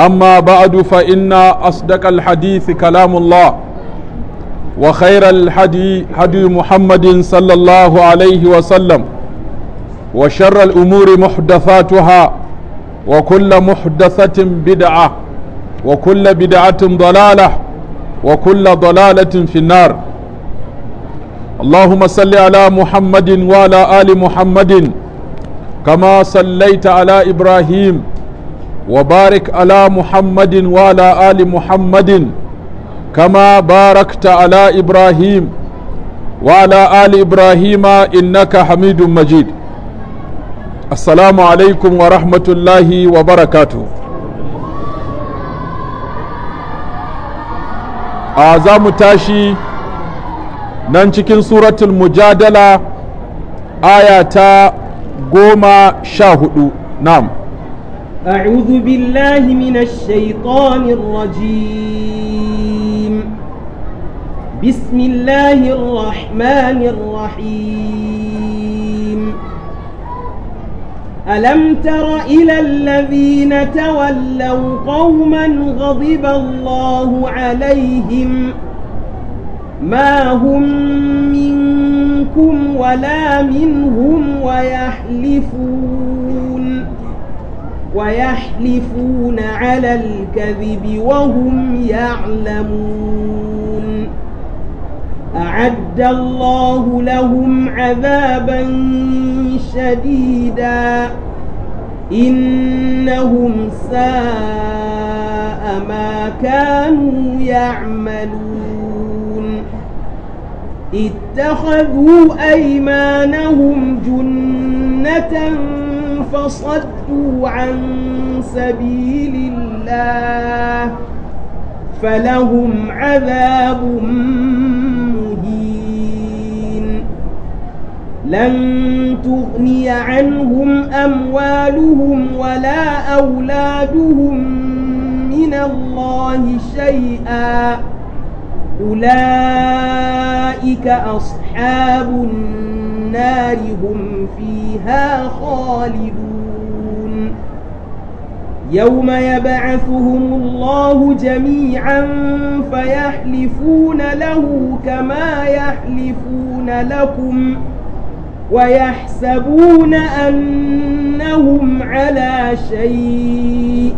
أما بعد فإن أصدق الحديث كلام الله وخير الحدي هدي محمد صلى الله عليه وسلم وشر الأمور محدثاتها وكل محدثة بدعة وكل بدعة ضلالة وكل ضلالة في النار اللهم صل على محمد وعلى آل محمد كما صليت على إبراهيم وبارك على محمد وعلى آل محمد كما باركت على إبراهيم وعلى آل إبراهيم إنك حميد مجيد السلام عليكم ورحمة الله وبركاته أعزام تاشي ننشكين سورة المجادلة آية قوم شاهدوا نعم أعوذ بالله من الشيطان الرجيم بسم الله الرحمن الرحيم ألم تر إلى الذين تولوا قوما غضب الله عليهم ما هم منكم ولا منهم ويحلفون ويحلفون على الكذب وهم يعلمون أعد الله لهم عذابا شديدا إنهم ساء ما كانوا يعملون اتخذوا أيمانهم جنة فصدوا صدوا عن سبيل الله فلهم عذاب مهين لن تغني عنهم أموالهم ولا أولادهم من الله شيئا أولئك أصحاب النار هم فيها خالدون يوم يبعثهم الله جميعا فيحلفون له كما يحلفون لكم ويحسبون أنهم على شيء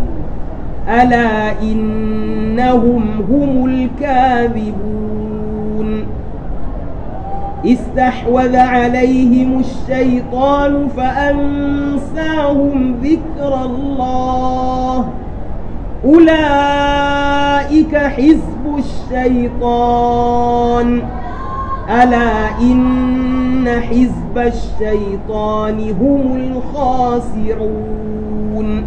ألا إنهم هم الكاذبون استحوذ عليهم الشيطان فأنساهم ذكر الله أولئك حزب الشيطان ألا إن حزب الشيطان هم الخاسرون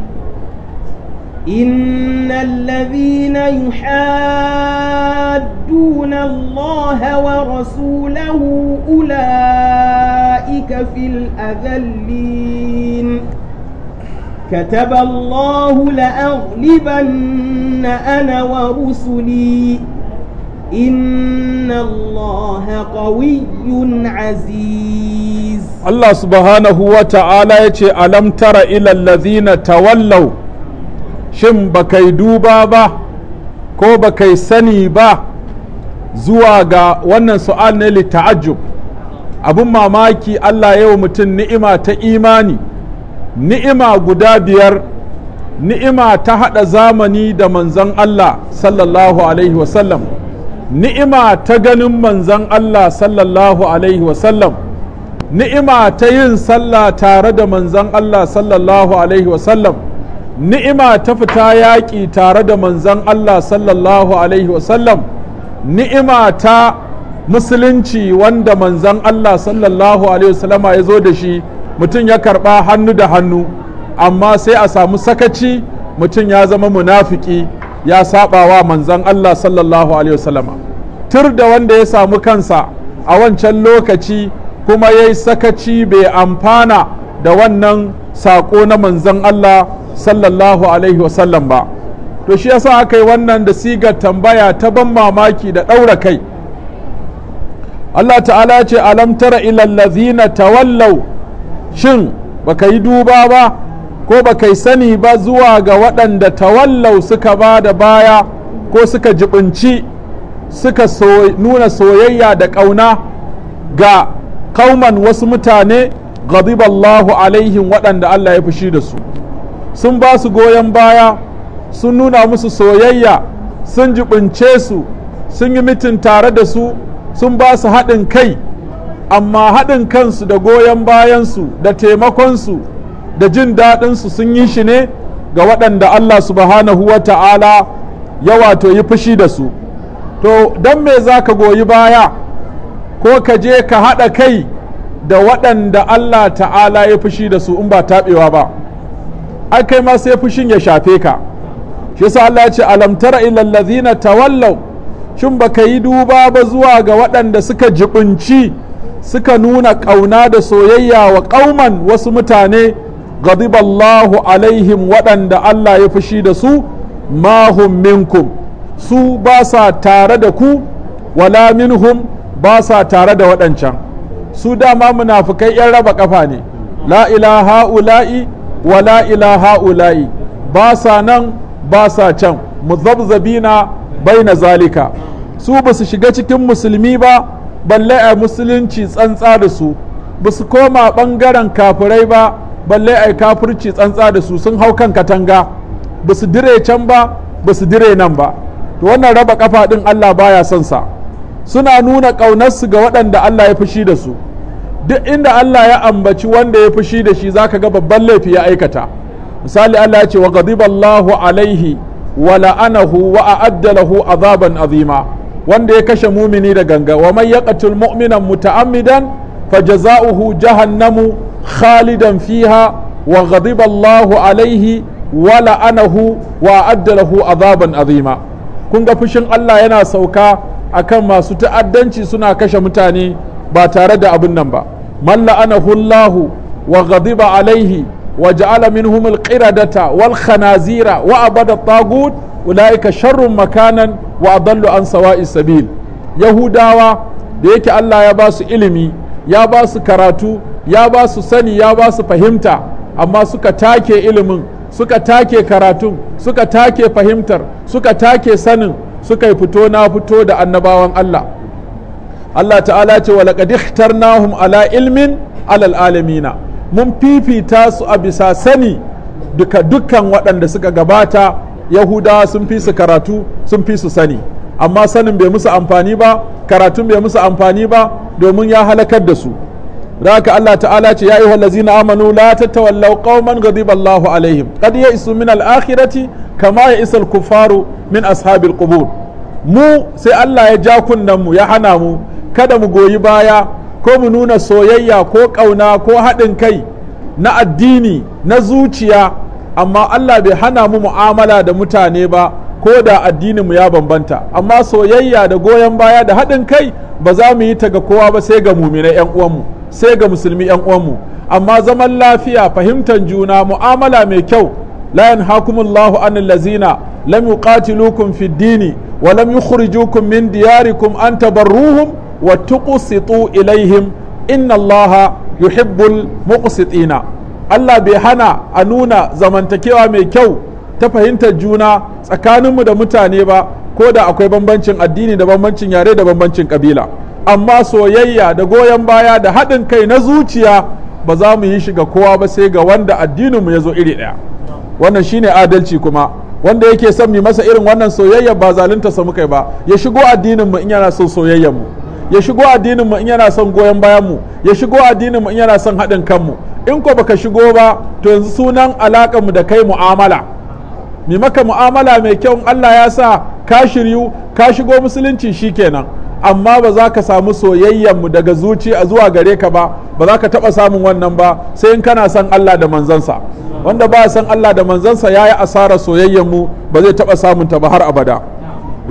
إن الذين يحادون الله ورسوله أولئك في الأذلين كتب الله لأغلبن أنا ورسلي إن الله قوي عزيز الله سبحانه وتعالى يتي ألم تر إلى الذين تولوا shin ba kai duba ba ko ba kai sani ba zuwa ga wannan su'al ne litta'ajjub abin mamaki Allah yau mutum ni'ima ta imani ni'ima guda biyar ni'ima ta haɗa zamani da manzan Allah sallallahu alaihi wasallam ni'ima ta ganin manzan Allah sallallahu alaihi wasallam ni'ima ta yin sallah tare da manzan Allah sallallahu alaihi wasallam ni'ima ta fita yaƙi tare da manzan Allah sallallahu alaihi wasallam ni'ima ta musulunci wanda manzan Allah sallallahu alaihi wasallam ya zo da shi mutum ya karɓa hannu da hannu amma sai a samu sakaci mutum ya zama munafiki ya saba wa manzan Allah sallallahu alaihi wasallama tur da wanda ya samu kansa a wancan lokaci kuma ya yi sakaci bai amfana da wannan saƙo na manzan Allah sallallahu alaihi wasallam ba to shi yasa aka yi wannan da sigar tambaya ta ban mamaki da ɗaura kai Allah ta'ala ce alam tara ilal tawallau shin baka yi duba ba ko baka sani ba zuwa ga waɗanda tawallau suka ba da baya ko suka jibinci suka nuna soyayya da ƙauna ga kauman wasu mutane ghadiballahu alaihim waɗanda Allah ya fushi da su sun ba su goyon baya sun nuna musu soyayya sun jibince su sun yi mitin tare da su sun ba su haɗin kai amma haɗin kansu da goyon bayansu da taimakonsu da jin daɗinsu sun yi shi ne ga waɗanda Allah subhanahu wa ta'ala ya wato yi fushi da su to don me za ka goyi baya ko ka je ka haɗa kai da waɗanda Allah ta'ala ya fushi da su in ba taɓewa ba ai kai ma sai fushin ya shafe ka shi yasa Allah ya ce alam tara ilal ladzina tawallaw shin baka yi duba ba zuwa ga waɗanda suka jibunci suka nuna kauna da soyayya wa kauman wasu mutane ghadiballahu alaihim waɗanda Allah ya fushi da su ma minkum su ba sa tare da ku wala minhum ba sa tare da waɗancan su dama munafukai 'yan raba kafa ne la ilaha ula'i wala ila ha'ula'i ba sa nan ba sa can muzabzabina na zalika su ba su shiga cikin musulmi ba balle a musulunci tsantsa da su ba su koma ɓangaren kafirai ba balle a kafirci tsantsa da su sun hau kan katanga ba su dire can ba ba su dire nan ba to wannan raba kafa ɗin allah baya son sa suna nuna ƙaunarsu ga waɗanda allah ya fushi da su duk inda Allah ya ambaci wanda ya fushi da shi zaka ga babban laifi ya aikata misali Allah ya ce wa alaihi wa la'anahu wa a'adda azaban azima wanda ya kashe mumini da ganga wa man yaqtul mu'minan muta'ammidan fajaza'uhu jahannamu khalidan fiha wa ghadiballahu alaihi wa la'anahu wa a'adda azaban azima kun ga fushin Allah yana sauka akan masu ta'addanci suna kashe mutane ba tare da abin nan ba من لعنه الله وغضب عليه وجعل منهم القردة والخنازير wa الطاغوت أولئك شر مكانا وأضل عن سواء السبيل يهوداوا da yake Allah ya basu ilimi ya basu karatu ya basu sani ya basu fahimta amma suka take ilimin suka take karatun suka take fahimtar suka take sanin suka fito na fito da annabawan Allah Allah ta'ala ce wa laqad ikhtarnahum ala ilmin alal mun fifita su a bisa sani duka dukkan waɗanda suka gabata yahudawa sun fi su karatu sun fi su sani amma sanin bai musu amfani ba karatun bai musu amfani ba domin ya halakar da su raka Allah ta'ala ce ya yi wallazina amanu la tattawallau qauman ghadiba Allahu alaihim qad ya min al-akhirati kama ya isal kuffaru min ashabil qubur mu sai Allah ya ja kunnan mu ya hana mu kada mu goyi baya ko mu nuna soyayya ko ƙauna ko haɗin kai na addini na zuciya amma Allah bai hana mu mu'amala da mutane ba ko da addininmu ya bambanta amma soyayya da goyon baya da haɗin kai ba za mu yi ta ga kowa ba sai ga muminai 'yan uwanmu sai ga musulmi 'yan uwanmu amma zaman lafiya fahimtar juna mu'amala mai kyau la yanhakumullahu anil lazina lam yuqatilukum fid dini wa lam yukhrijukum min diyarikum an tabarruhum wa tuqsitu ilaihim inna allaha yuhibbul Allah bai hana a nuna zamantakewa mai kyau ta fahimtar juna tsakaninmu da mutane ba ko da akwai bambancin addini da bambancin yare da bambancin kabila amma soyayya da goyon baya da haɗin kai na zuciya ba za mu yi shiga kowa ba sai ga wanda addininmu ya zo iri ɗaya wannan shine adalci kuma wanda yake son mu masa irin wannan soyayya ba zalunta sa muka ba ya shigo addininmu in yana son soyayyar mu ya shigo addinin mu in yana son goyon bayan mu ya shigo addinin mu in yana son haɗin kanmu in ko baka shigo ba to yanzu sunan alaƙar mu da kai mu'amala mai maka mu'amala mai kyau in Allah ya sa ka shiryu ka shigo musulunci shikenan amma ba za ka samu soyayyan mu daga zuci a zuwa gare ka ba ba za ka taɓa samun wannan ba sai in kana son Allah da manzansa wanda ba son Allah da manzansa ya yi asarar soyayyan mu ba zai taɓa samunta ba har abada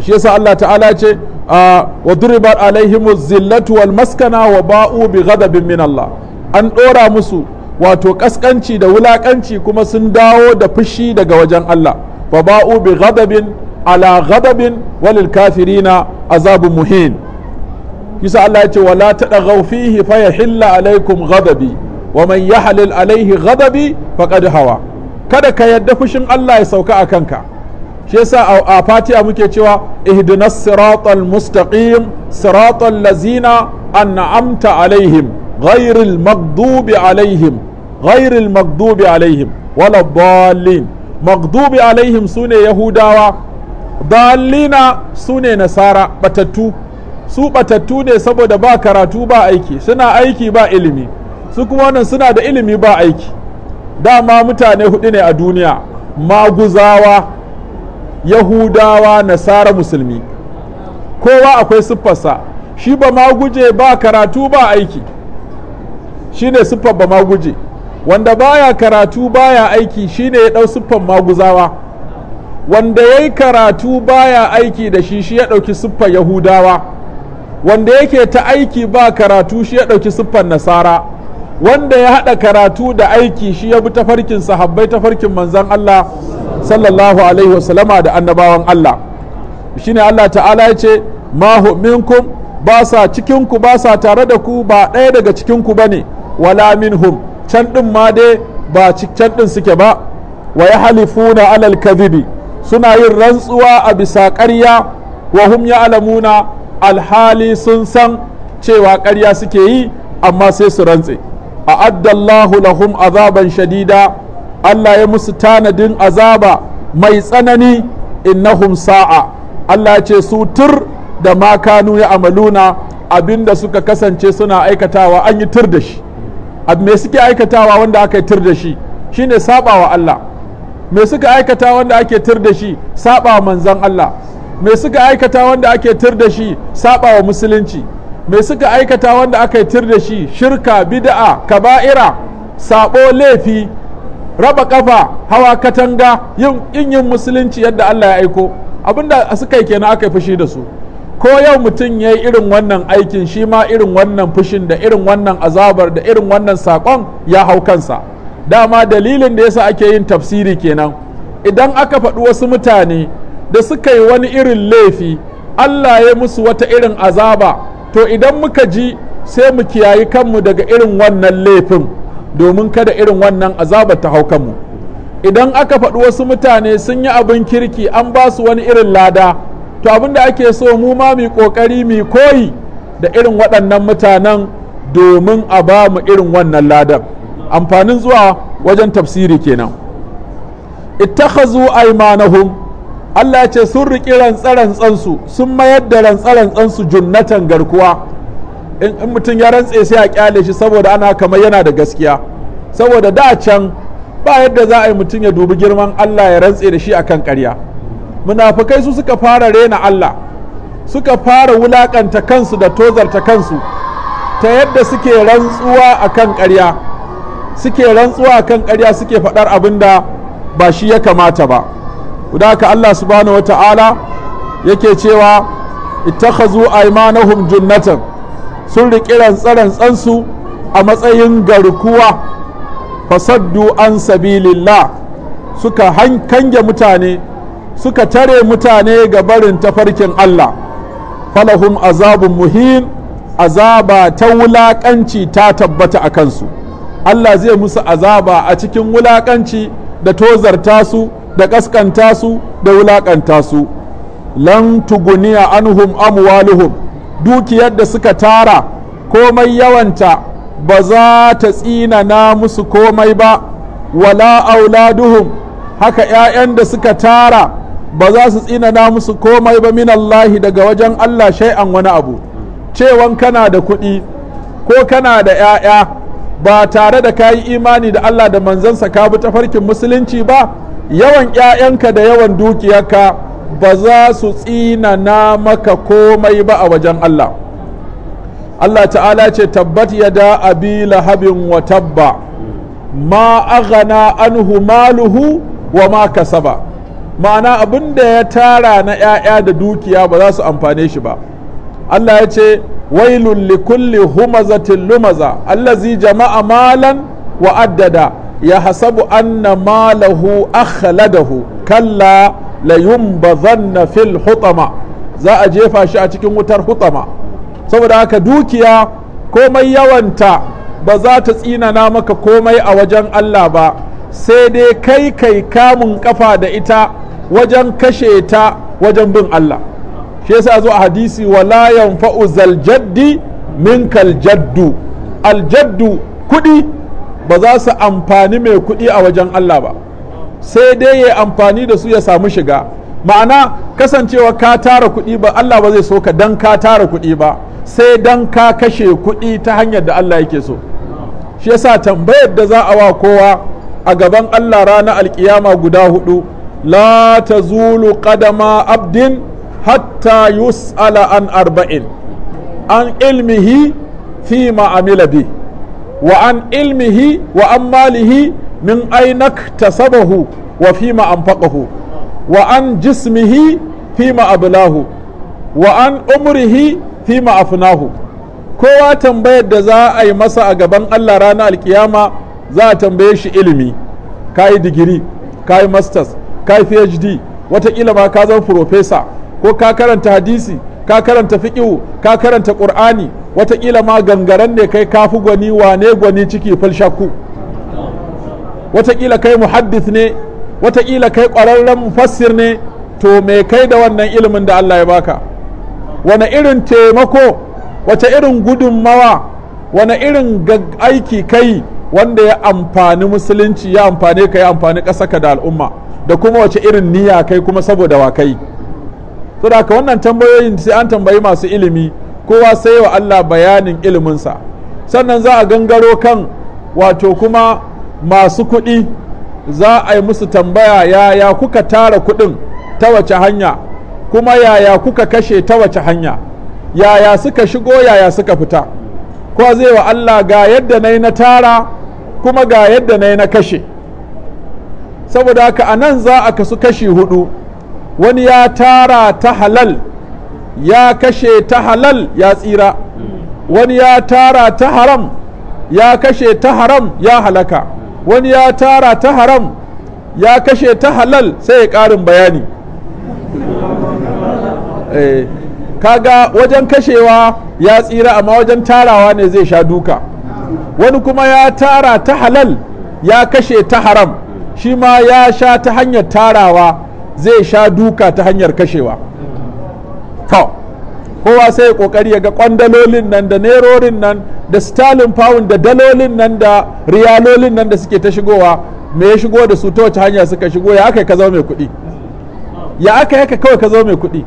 shi yasa Allah ta'ala ce ah, wa duribat alaihim zillatu wal maskana wa ba'u bi ghadabin min Allah an dora musu wato kaskanci da wulakanci kuma sun dawo da fushi daga wajen Allah fa ba'u bi ghadabin ala ghadabin walil kafirina azabun muhin kisa Allah ya ce wala tadaghaw fihi fayahilla alaikum ghadabi wa man yahlil alaihi ghadabi faqad hawa kada ka yadda fushin Allah ya sauka a kanka shi yasa a fatiha muke cewa ihdinas siratal mustaqim siratal lazina an'amta alaihim ghairil maghdubi alaihim ghairil maghdubi alaihim wala dallin maghdubi alaihim sune yahudawa dallina sune nasara batattu su batattu ne saboda ba karatu ba aiki suna aiki ba ilimi su kuma wannan suna da ilimi ba aiki dama mutane hudu ne a duniya maguzawa yahudawa nasara musulmi kowa akwai siffarsa shi ba ma guje ba karatu ba aiki shi ne siffar ba ma guje wanda baya karatu baya aiki shi ne ya ɗau siffar maguzawa wanda ya yi karatu baya aiki da shi shi ya ɗauki siffar yahudawa wanda yake ta aiki ba karatu shi ya ɗauki siffar nasara wanda ya haɗa karatu da aiki shi ya bi tafarkin sahabbai tafarkin manzan allah sallallahu alaihi wasallama da annabawan Allah shine Allah ta'ala ya ce ma minkum ba sa cikinku ba sa tare da ku ba ɗaya daga cikinku ba ne wala minhum can ɗin ma dai ba can ɗin suke ba wa ya halifuna alal kadhibi suna yin rantsuwa a bisa ƙarya wa hum ya alamuna alhali sun san cewa ƙarya suke yi amma sai su rantse a addallahu lahum azaban shadida Allah ya musu tanadin azaba mai tsanani innahum sa'a Allah ya ce su tur da makanu ya amaluna abinda suka kasance suna aikatawa an yi tur da shi me suke aikatawa wanda aka yi tur da shi shine sabawa Allah me suka aikata wanda ake tur da shi saba manzan Allah me suka aikata wanda ake tur da shi saba wa musulunci me suka aikata wanda aka tur da shi shirka bid'a kaba'ira sabo laifi raba kafa hawa katanga yin yin musulunci yadda Allah ya aiko abinda suka yi kenan aka fushi da su ko yau mutum ya yi irin wannan aikin shi ma irin wannan fushin da irin wannan azabar da irin wannan saƙon ya hau kansa dama dalilin da yasa ake yin tafsiri kenan idan aka faɗi wasu mutane da suka yi wani irin laifi Allah ya musu wata irin azaba to idan muka ji sai mu kiyayi kanmu daga irin wannan laifin domin kada irin wannan azabar ta hau kanmu idan aka faɗi wasu mutane sun yi abin kirki an ba su wani irin lada to abin da ake so mu ma mai ƙoƙari mai koyi da irin waɗannan mutanen domin a ba mu irin wannan ladan amfanin zuwa wajen tafsiri kenan ittakhazu aymanahum Allah ya ce sun riƙi rantsarantsansu sun mayar da rantsarantsansu junnatan garkuwa in mutum ya rantse sai a kyale shi saboda ana kamar yana da gaskiya saboda da can ba yadda za a yi mutum ya dubi girman Allah ya rantse da shi akan karya munafukai su suka fara rena Allah suka fara wulakanta kansu da tozarta kansu ta yadda suke rantsuwa akan karya suke rantsuwa akan karya suke faɗar abin da ba shi ya kamata ba haka Allah subhanahu ta'ala yake cewa ittakhazu aymanahum junnatan sun riƙi rantsarantsansu a matsayin garkuwa fasaddu an sabilillah suka hankange mutane suka tare mutane ga barin tafarkin Allah falahum azabun muhin azaba ta wulaƙanci ta tabbata a kansu Allah zai musu azaba a cikin wulaƙanci da tozarta su da ƙasƙanta su da wulaƙanta su lan tuguniya anhum amwaluhum dukiyar da suka tara komai yawanta ba za ta tsinana musu komai ba wala auladuhum haka 'ya'yan da suka tara ba za su tsinana musu komai ba minallahi daga wajen Allah shai'an wani abu cewan kana da kuɗi ko kana da 'ya'ya ba tare da kayi imani da Allah da manzansa ka bi tafarkin musulunci ba yawan 'ya'yanka da yawan dukiyarka ba za su tsinana maka komai ba a wajen Allah Allah ta'ala ce tabbat yada abi lahabin wa tabba ma aghana anhu maluhu wa ma kasaba ma'ana abin da ya tara na 'ya'ya da dukiya ba za su amfane shi ba Allah ya ce wailun likulli humazatin lumaza allazi jama'a malan wa addada ya hasabu anna malahu akhladahu kalla layumbazanna fil hutama za a jefa shi a cikin wutar hutama saboda haka dukiya komai yawanta ba za ta tsinana maka komai a wajen Allah ba sai dai kai kai kamun kafa da ita wajen kashe ta wajen bin Allah shi yasa zo a hadisi wala yanfa'u zaljaddi minkal jaddu aljaddu kudi ba za su amfani mai kudi a wajen Allah ba sai dai ya amfani da su ya samu shiga ma'ana kasancewa ka tara kuɗi ba Allah ba zai so ka dan ka tara kuɗi ba sai dan ka kashe kuɗi ta hanyar da Allah yake so shi yasa tambayar da za a wa kowa a gaban Allah ranar alkiyama guda hudu la tazulu qadama abdin hatta yus'ala an arba'in an ilmihi fi ma'amila bi wa an ilmihi wa an malihi min ainak tasabahu wa fima anfaqahu wa an jismihi fima ablahu wa an umrihi fima afnahu kowa tambayar da za a yi masa a gaban Allah ranar alkiyama za a tambaye shi ilimi ka digiri ka yi masters ka yi phd watakila ma ka zan profesa ko ka karanta hadisi ka karanta fiƙihu ka karanta ƙur'ani wataƙila ma gangaren ne kai kafi gwani wane gwani ciki falshaku watakila kai muhaddis ne watakila kai ƙwararren mufassir ne to me kai da wannan ilimin da Allah ya baka wani irin taimako wace irin gudunmawa wani irin aiki kai wanda ya amfani musulunci ya amfani ka ya amfani ƙasaka da al'umma da kuma wace irin niyya kai kuma saboda wa kai so da wannan tambayoyin sai an tambayi masu ilimi kowa sai wa Allah bayanin iliminsa sannan za a gangaro kan wato kuma masu kuɗi za a yi musu tambaya yaya kuka tara kuɗin ta wace hanya kuma yaya kuka kashe ta wace hanya yaya suka shigo yaya suka fita ko zai wa Allah ga yadda na yi na tara kuma ga yadda na yi na kashe saboda haka a nan za a kasu kashi hudu wani ya tara ta halal ya kashe ta halal ya tsira wani ya tara ta haram ya kashe ta haram ya halaka wani ya tara ta haram ya kashe ta halal sai ya karin bayani ka eh, kaga wajen kashewa ya tsira amma wajen tarawa ne zai sha duka wani kuma ya tara ta halal ya kashe ta haram shi ma ya sha ta hanyar tarawa zai sha duka ta hanyar kashewa to kowa sai kokari ya ga kwandalolin nan da nerorin nan da stalin pound da dalolin nan da riyalolin nan da suke ta shigowa me ya shigo da su ta wace hanya suka shigo ya aka ka zama mai kuɗi ya aka yaka kawai ka zama mai kuɗi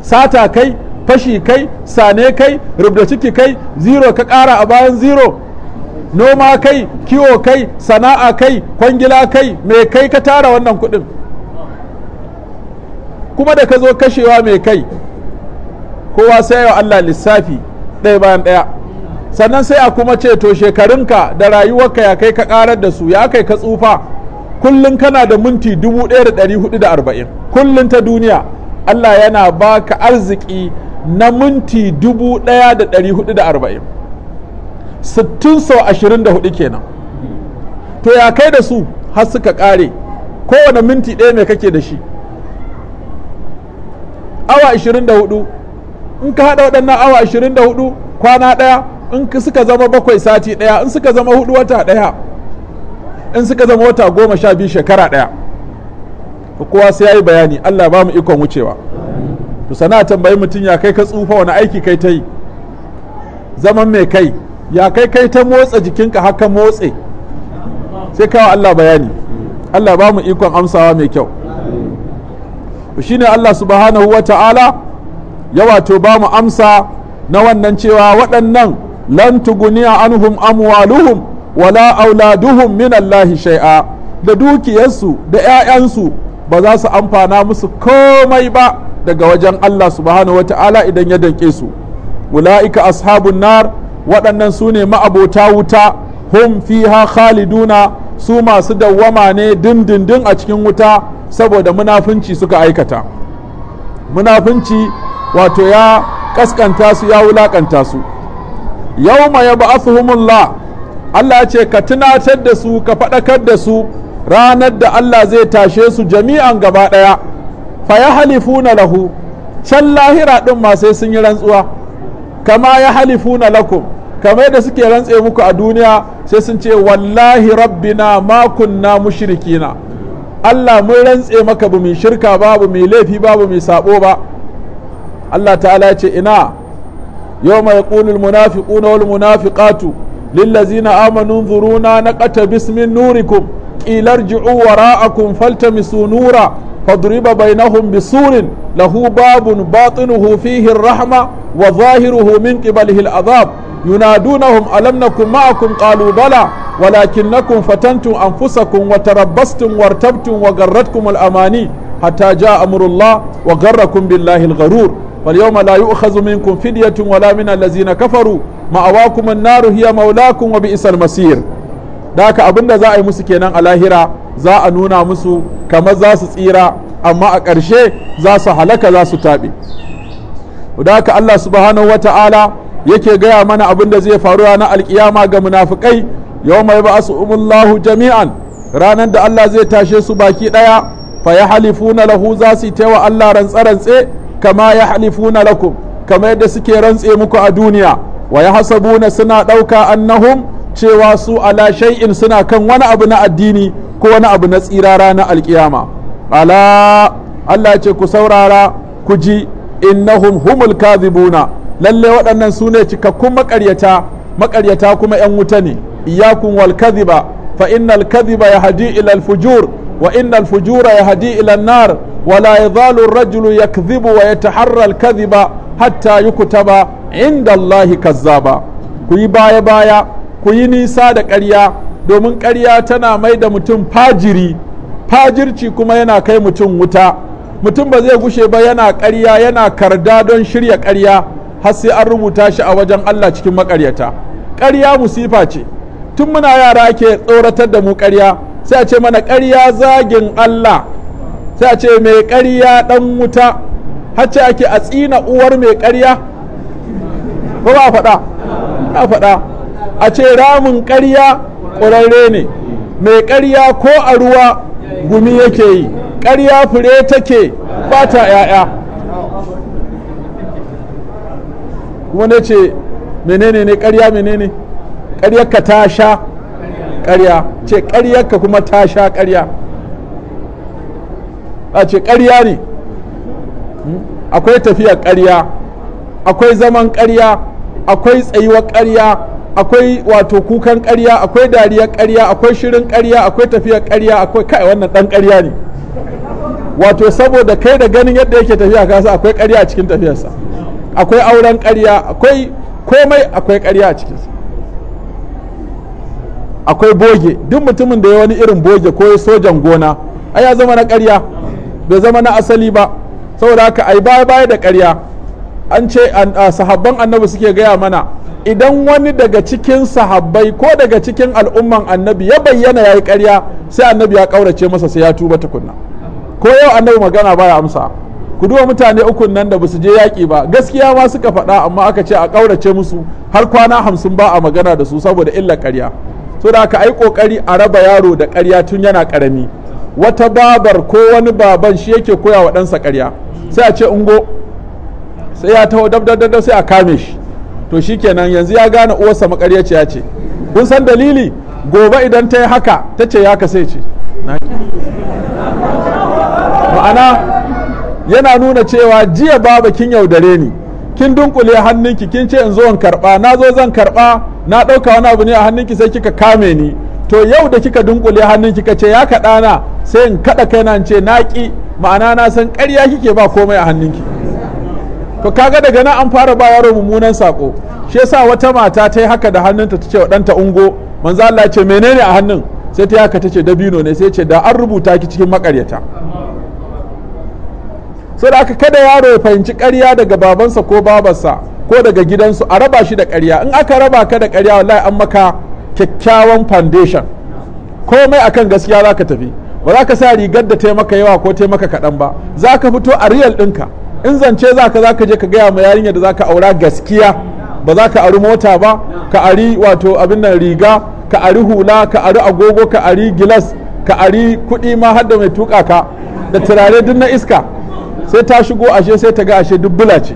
sata kai fashi kai sane kai rubda ciki kai zero ka kara a bayan zero noma kai kiwo kai sana'a kai kwangila kai me kai ka tara wannan kuɗin kuma da ka zo kashewa mai kai kowa sai wa Allah lissafi ɗaya bayan ɗaya sannan sai a kuma ce to shekarunka da rayuwarka ya kai ka ƙarar da su ya kai ka tsufa kullum kana da minti 1440 kullum ta duniya Allah yana baka arziki na minti 1440 sittin sau ashirin da hudu kenan to ya kai da su har suka ƙare? kowane minti ɗaya mai kake da shi awa ashirin da hudu in ka haɗa waɗannan awa ashirin da hudu kwana ɗaya in suka zama bakwai sati ɗaya in suka zama hudu wata ɗaya in suka zama wata goma sha biyu shekara ɗaya kowa sai ya yi bayani allah ba mu ikon wucewa to sana tambayi mutum ya kai ka tsufa wani aiki kai ta yi zaman mai kai ya kai kai ta motsa jikinka haka motse sai kawo allah bayani allah ba mu ikon amsawa mai kyau shine allah subhanahu wa ta'ala ya wato ba mu amsa na wannan cewa waɗannan lan tuguniya anhum amwaluhum wala auladuhum min Allahi shai'a da dukiyarsu da 'ya'yansu ba za su amfana musu komai ba daga wajen Allah subhanahu wata'ala idan ya danƙe su ula'ika ashabun nar waɗannan su ne ma'abota wuta hum fiha khaliduna su masu dawwama ne dindindin a cikin wuta saboda munafunci suka aikata munafunci wato ya kaskanta su ya wulakanta su yau yawma yab'athuhumullah Allah ce ka tunatar da su ka faɗakar da su ranar da Allah zai tashe su jami'an gaba ɗaya fa ya halifu na lahu can lahira ɗin ma sai sun yi rantsuwa kama ya halifu na lakum kamar yadda suke rantse muku a duniya sai sun ce wallahi rabbina ma kunna mushrikina Allah mun rantse maka bu mai shirka ba bu mai laifi ba bu mai sabo ba Allah ta'ala ya ce ina yau mai ƙulul munafiquna wal munafiqatu lillazina amanu zuruna na bismin nurikum ƙilar ji'u wara'akum faltamisu nura fadriba bainahum bisurin lahu babun batinuhu fihi rahma wa zahiruhu min qibalihi al'azab yunadunahum alam nakum ma'akum qalu bala ولكنكم فتنتم أنفسكم وتربستم وارتبتم وغرتكم الأماني حتى amrullah wa الله وغركم بالله الغرور فاليوم لا يؤخذ منكم فدية ولا من الذين كفروا مأواكم النار هي مولاكم وبئس المصير daka abin da za a yi musu kenan a lahira za a nuna musu kamar za su tsira amma a ƙarshe za su halaka za su taɓe daka Allah subhanahu wa ta'ala yake gaya mana abin da zai faru ranar alkiyama ga munafukai yau mai ba su umullahu jami'an ranar da Allah zai tashe su baki ɗaya fa ya na lahu za su yi wa Allah rantse-rantse kama ya halifuna lakum kama yadda suke rantse muku a duniya wa ya hasabuna suna ɗauka annahum cewa su ala shay'in suna kan wani abu na addini ko wani abu na tsira na alkiyama ala Allah ce ku saurara ku ji innahum humul kadhibuna lalle waɗannan su ne cikakkun maƙaryata maƙaryata kuma 'yan wuta ne iyakun wal kadhiba fa innal kadhiba yahdi ila al fujur waɗannan ya hadi ila nar wala ya zalu rajalu ya kadibu waye ta hala kadiba hatta yi kutaba inda Allah yi kaza ba kuyi baya-baya kuyi nisa da ƙarya domin ƙarya tana mai da mutum fajiri fajirci kuma yana kai mutum wuta mutum ba zai gushe ba yana ƙarya yana karda don shirya karya har sai an rubuta shi a wajen allah cikin makaryata ƙarya musifa ce tun muna yara ake tsoratar da mu ƙarya. sai a ce mana ƙarya zagin Allah sai a ce mai ƙarya ɗan wuta hacce ake a tsina uwar mai ƙarya ba ba faɗa a faɗa a ce ramin ƙarya ƙwararre ne mai ƙarya ko a ruwa gumi yake yi ƙarya fure take ba ta ‘ya'ya kuma ne ce menene ne ƙarya menene ƙaryarka ta sha ƙarya ce ƙaryarka kuma ta sha ƙarya a ce ƙarya ne hmm? akwai tafiya ƙarya akwai zaman ƙarya akwai tsayuwar ƙarya akwai wato kukan ƙarya akwai dariyar ƙarya akwai shirin ƙarya akwai tafiyar ƙarya akwai kai wannan ɗan ƙarya ne wato saboda kai da ganin yadda yake tafiya kasa akwai ƙarya a cikin tafiyarsa akwai auren ƙarya akwai komai akwai ƙarya a cikinsa akwai boge duk mutumin da ya wani irin boge ko sojan gona ai ya zama na ƙarya bai zama na asali ba saboda haka ai baya baya da ƙarya an ce sahabban annabi suke gaya mana idan wani daga cikin sahabbai ko daga cikin al'umman annabi ya bayyana ya yi ƙarya sai annabi ya ƙaurace masa sai ya tuba tukunna ko yau annabi magana baya amsa ku duba mutane uku nan da basu je yaƙi ba gaskiya ma suka faɗa amma aka ce a ƙaurace musu har kwana hamsin ba a magana da su saboda illa ƙarya so da aka ai kokari a raba yaro da ƙarya tun yana ƙarami wata babar ko wani baban shi yake koya wa ɗansa ƙarya sai a ce ungo sai ya taho dab sai a kame shi to shikenan yanzu ya gane uwarsa makaryaciya ce kun san dalili gobe idan ta yi haka ta ce ya kasa ce ma'ana yana nuna cewa jiya baba kin yaudare ni kin dunkule hannunki kin ce in zo in karba na zo zan karba na ɗauka wani abu ne a hannunki sai kika kame ni to yau da kika dunkule hannun kika ce ya kaɗa na sai in kaɗa kai na ce na ƙi ma'ana na san ƙarya kike ba komai a hannunki to kaga daga nan an fara ba yaro mummunan sako shi yasa wata mata ta yi haka da hannunta ta ce wa ɗanta ungo manzo Allah ce menene a hannun sai ta haka ta ce dabino ne sai ce da an rubuta ki cikin makaryata sai aka kada yaro ya fahimci karya daga babansa ko babarsa ko daga gidansu a raba shi da karya in aka raba ka da ƙarya wallahi an maka kyakkyawan foundation komai akan gaskiya za ka tafi ba za ka sa rigar da taimaka yawa ko taimaka kaɗan ba za ka fito a real ɗinka in zance za ka za ka je ka gaya ma yarinya da za ka aura gaskiya ba za ka ari mota ba ka ari wato abin nan riga ka ari hula ka ari agogo ka ari gilas ka ari kuɗi ma har da mai tuƙa ka da turare duk na iska sai ta shigo ashe sai ta ga ashe dubbula ce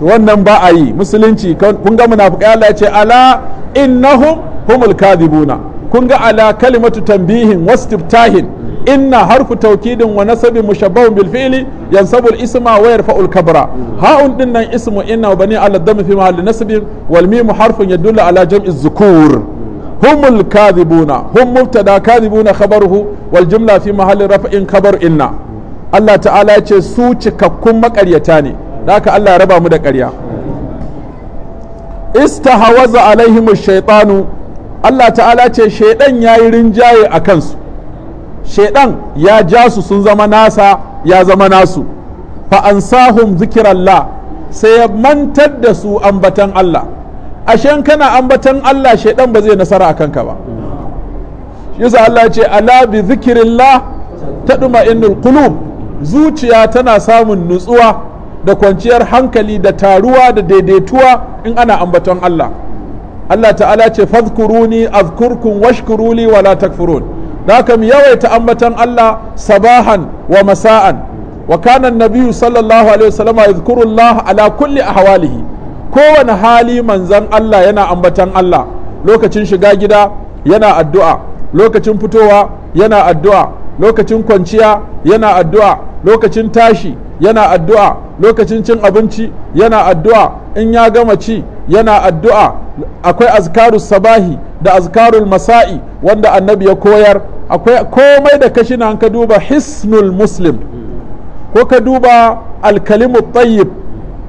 wannan ba a yi musulunci kun ga munafiqai Allah ce ala innahum humul kadhibuna kun ga ala kalimatu tanbihin wastiftahin inna harfu taukidin wa nasabin mushabbahun bil fi'li yansabu al isma wa yarfa'u al kabra ha'un din nan ismu inna wa bani ala dhammi fi mahalli nasabin wal mim harfun yadullu ala jam'i dhukur humul kadhibuna hum mubtada kadhibuna khabaruhu wal jumla fi mahalli raf'in kabar inna Allah ta'ala ya ce su cikakkun maƙaryata ne da haka Allah ya raba mu da ƙarya istahawaza alaihimu shaytanu Allah ta'ala ce shaidan ya yi rinjaye a kansu shaidan ya ja su sun zama nasa ya zama nasu fa ansahum zikirallah sai ya mantar da su ambatan Allah ashen kana ambatan Allah shaidan ba zai nasara a kanka ba yasa Allah ce ala bi zikirillah tadma innul qulub zuciya tana samun nutsuwa da kwanciyar hankali da taruwa da daidaituwa in ana ambaton Allah Allah ta'ala ce fadhkuruni azkurkum washkuruli wala takfurun da yawaita ambaton Allah sabahan wa masa'an wa kana nabiyyu sallallahu alaihi wasallam yadhkurullah ala kulli ahwalihi kowane hali manzan Allah yana ambaton Allah lokacin shiga gida yana addu'a lokacin fitowa yana addu'a lokacin kwanciya yana addu'a lokacin tashi yana addu'a lokacin cin abinci yana addu'a in ya gama ci yana addu'a akwai azkarus sabahi da azkarul masa'i wanda annabi ya koyar akwai komai da kashi na ka duba hisnul muslim ko ka duba alkalimu tayyib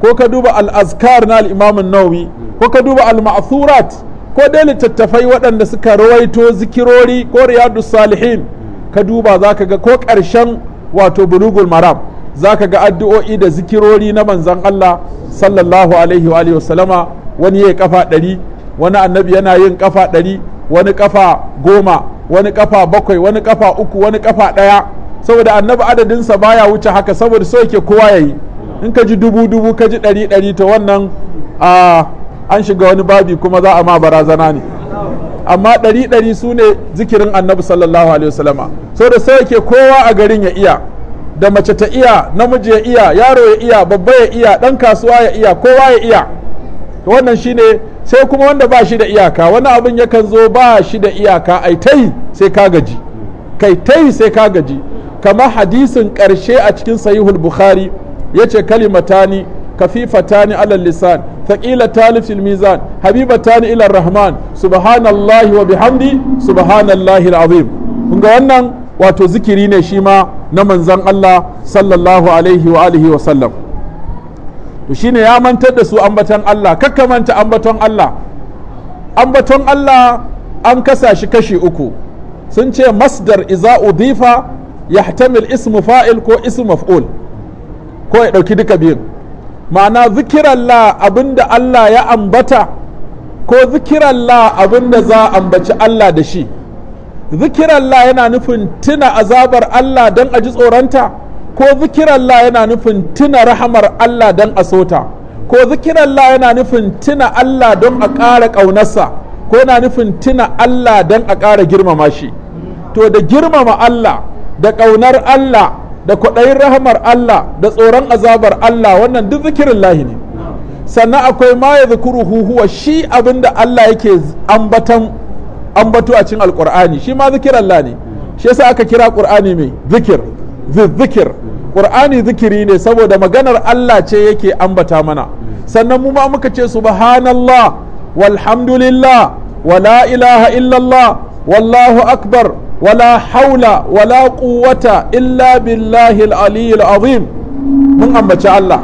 ko ka duba al'azkar na al'imamun nawawi ko ka duba al-ma'thurat ko dai littattafai waɗanda suka rawaito zikirori ko riyadu salihin ka duba za ka ga ko ƙarshen wato bulugul maram za ka ga addu'o'i da zikirori na manzan Allah sallallahu alaihi wa sallama wani ya kafa ɗari wani annabi yana yin kafa ɗari wani kafa goma wani kafa bakwai wani kafa uku wani kafa ɗaya saboda annabi adadinsa baya wuce haka saboda so yake kowa ya yi in ka ji dubu dubu ka ji ɗari ɗari to wannan ah, an shiga wani babi kuma za a ma barazana ne amma ɗari ɗari su ne zikirin annabi sallallahu alaihi wasallama so da sai yake kowa a garin ya iya da mace ta iya namiji ya iya yaro ya iya babba ya iya ɗan kasuwa ya iya kowa ya iya wannan shi ne sai kuma wanda ba shi da iyaka wani abin yakan zo ba shi da iyaka ai tai sai ka gaji kai tai sai ka gaji kamar hadisin ƙarshe a cikin sahihul bukhari yace kalimatani kafifatani alal lisan thaqilatani fil mizan habibatani ila rahman subhanallahi wa bihamdi subhanallahi alazim kun ga wannan wato zikiri ne shima na manzon Allah sallallahu alaihi wa wa sallam to shine ya mantar da su ambaton Allah kakka manta ambaton Allah ambaton Allah an kasa shi kashi uku sun ce masdar iza udifa yahtamil ismu fa'il ko ismu maf'ul ko ya dauki duka biyun ma'ana zikirallah abinda Allah ya ambata ko zikirallah abinda za a ambaci Allah da shi zikirallah yana nufin tuna azabar Allah don a ji tsoronta ko zikirallah yana nufin tuna rahamar Allah don a sota ko zikirallah yana nufin tuna Allah don a ƙara ƙaunarsa ko yana nufin tuna Allah don a ƙara girmama shi to da girmama Allah da ƙaunar Allah da kwaɗayin rahamar Allah da tsoron azabar Allah wannan duk zikirin lahi ne sannan akwai ma ya zikuru huwa shi abin da Allah yake ambatan ambatu a cikin alkur'ani shi ma zikirin Allah ne shi yasa aka kira ƙur'ani mai zikir zikir ƙur'ani zikiri ne saboda maganar Allah ce yake ambata mana sannan mu ma muka ce subhanallah walhamdulillah wala ilaha illallah wallahu akbar wala haula wala quwwata illa billahi al-aliyyil azim mun ambaci Allah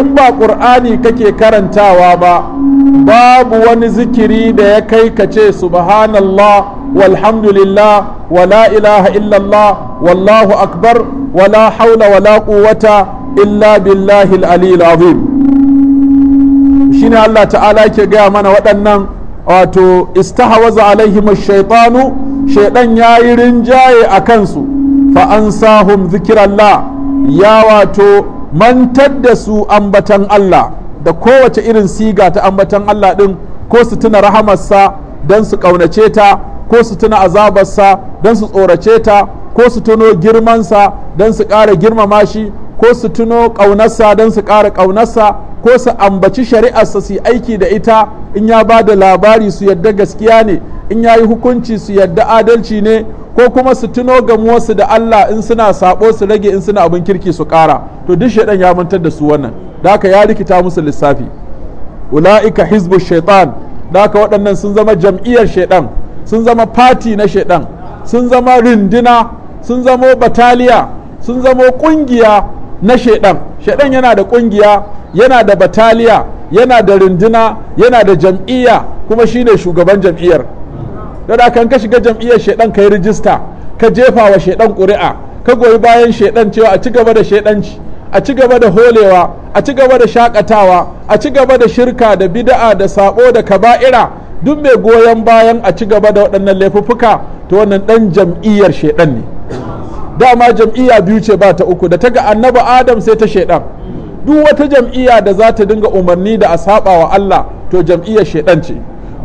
in ba ƙur'ani kake karantawa ba babu wani zikiri da ya kai ka ce subhanallah walhamdulillah wala ilaha illallah wallahu akbar wala haula wala quwwata illa billahi al-aliyyil azim shine Allah ta'ala yake gaya mana waɗannan wato istahawaza alaihim shaitanu shaidan ya yi rinjaye a kansu fa an sahum zikirallah ya wato mantar da su ambatan Allah da kowace irin siga ta ambatan Allah ɗin ko su tuna rahamarsa don su ƙaunace ta ko su tuna azabarsa don su tsorace ta ko su tuno girmansa don su ƙara girmama shi ko su tuno ƙaunarsa don su ƙara ƙaunarsa ko su ambaci shari'arsa su yi aiki da ita in ya ba da labari su yadda gaskiya ne in ya yi hukunci su yadda adalci ne ko kuma su tuno gamuwarsu da Allah in suna sabo su rage in suna abin kirki su kara to duk shaidan ya mantar da su wannan da haka ya rikita musu lissafi ula'ika hizbu shaitan da haka waɗannan sun zama jam'iyyar shaidan sun zama fati na shaidan sun zama rindina sun zama bataliya sun zama ƙungiya na shaidan shaidan yana da kungiya yana da bataliya yana da rinduna yana da jam'iyya kuma shine shugaban jam'iyyar da kan ka shiga jam'iyyar shaidan ka yi rijista ka jefa wa shaidan ƙuri'a ka goyi bayan shaidan cewa a ci gaba da shaidanci a ci gaba da holewa a ci gaba da shakatawa a ci gaba da shirka da bid'a da sabo da kaba'ira duk mai goyon bayan a ci gaba da waɗannan laifuffuka to wannan dan jam'iyyar shaidan ne dama jam'iyya biyu ce ba ta uku da ta ga annabi adam sai ta shaidan duk wata jam'iyya da za ta dinga umarni da a saba wa Allah to jam'iyyar shaidan ce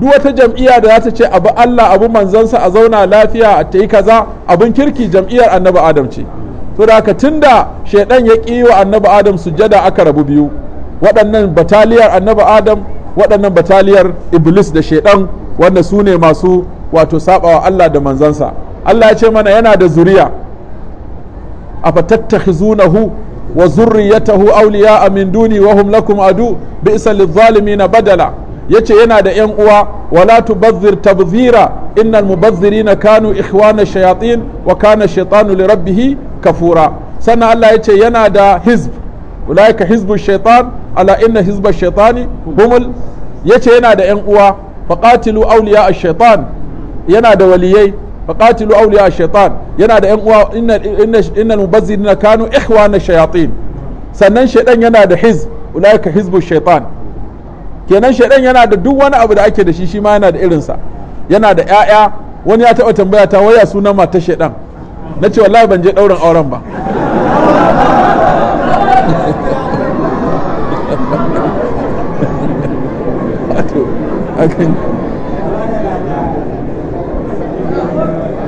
duk wata jam'iyya da za ta ce abu Allah abu manzansa a zauna lafiya a ta yi kaza abin kirki jam'iyyar annabi adam ce to da haka tunda shaidan ya ƙi wa annabi adam sujjada aka rabu biyu waɗannan bataliyar annabi adam waɗannan bataliyar iblis da shaidan wanda su ne masu wato wa Allah da manzansa Allah ya ce mana yana da zuriya afatattakhizunahu wa zurriyatahu awliya'a min duni wa hum lakum adu bi'sa lidh na badala yace yana da yan uwa wala tubazzir tabzira innal mubazzirina kanu ikhwana shayatin wa kana shaytanu li rabbih kafura sannan Allah yace yana da hizb ulaika hizbu shaitan. ala inna hizba shaytani humul yace yana da yan uwa faqatilu a shaitan. yana da waliyai faqatilu a shaitan yana da yan uwa innal mubazzirina kanu ihwana shayatin sannan shaitan yana da hizb ulaika hizbu shaitan kenan shaitan yana da duk wani abu da ake da shi shi ma yana da irinsa yana da 'ya'ya wani ya taɓa tambaya ta waya sunan matar shaidan na ce wallahi ban je ɗaurin auren ba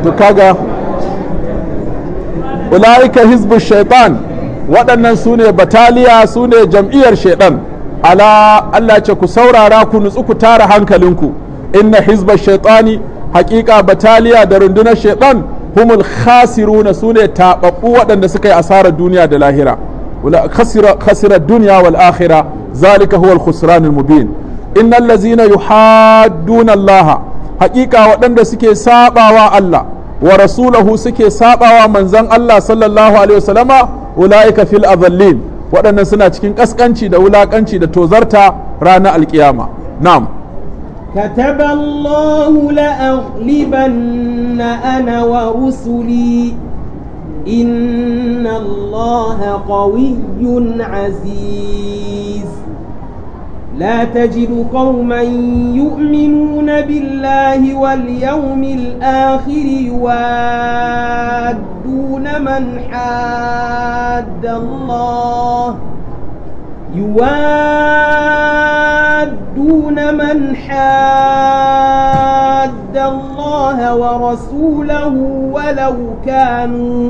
to kaga ula'ika hizbu shaitan waɗannan su ne bataliya su ne jam'iyyar shaitan ala Allah ce ku saurara ku nutsu ku tara hankalinku inna hizba shaitani hakika bataliya da rundunar shaitan humul khasiruna su ne taɓaɓɓu waɗanda suka yi asarar duniya da lahira khasira duniya wal akhira zalika huwa al-khusran mubin innal ladzina yuhadduna Allah hakika waɗanda suke sabawa Allah wa rasulahu suke sabawa manzon Allah sallallahu alaihi wasallama ulaika fil adallin waɗannan suna cikin kaskanci da wulakanci da tozarta ranar alkiyama na'am كتب الله لأغلبن wa ورسلي إن الله قوي aziz. لا تجد قوما يؤمنون بالله واليوم الآخر يوادون من حاد الله يوادون من حاد الله ورسوله ولو كانوا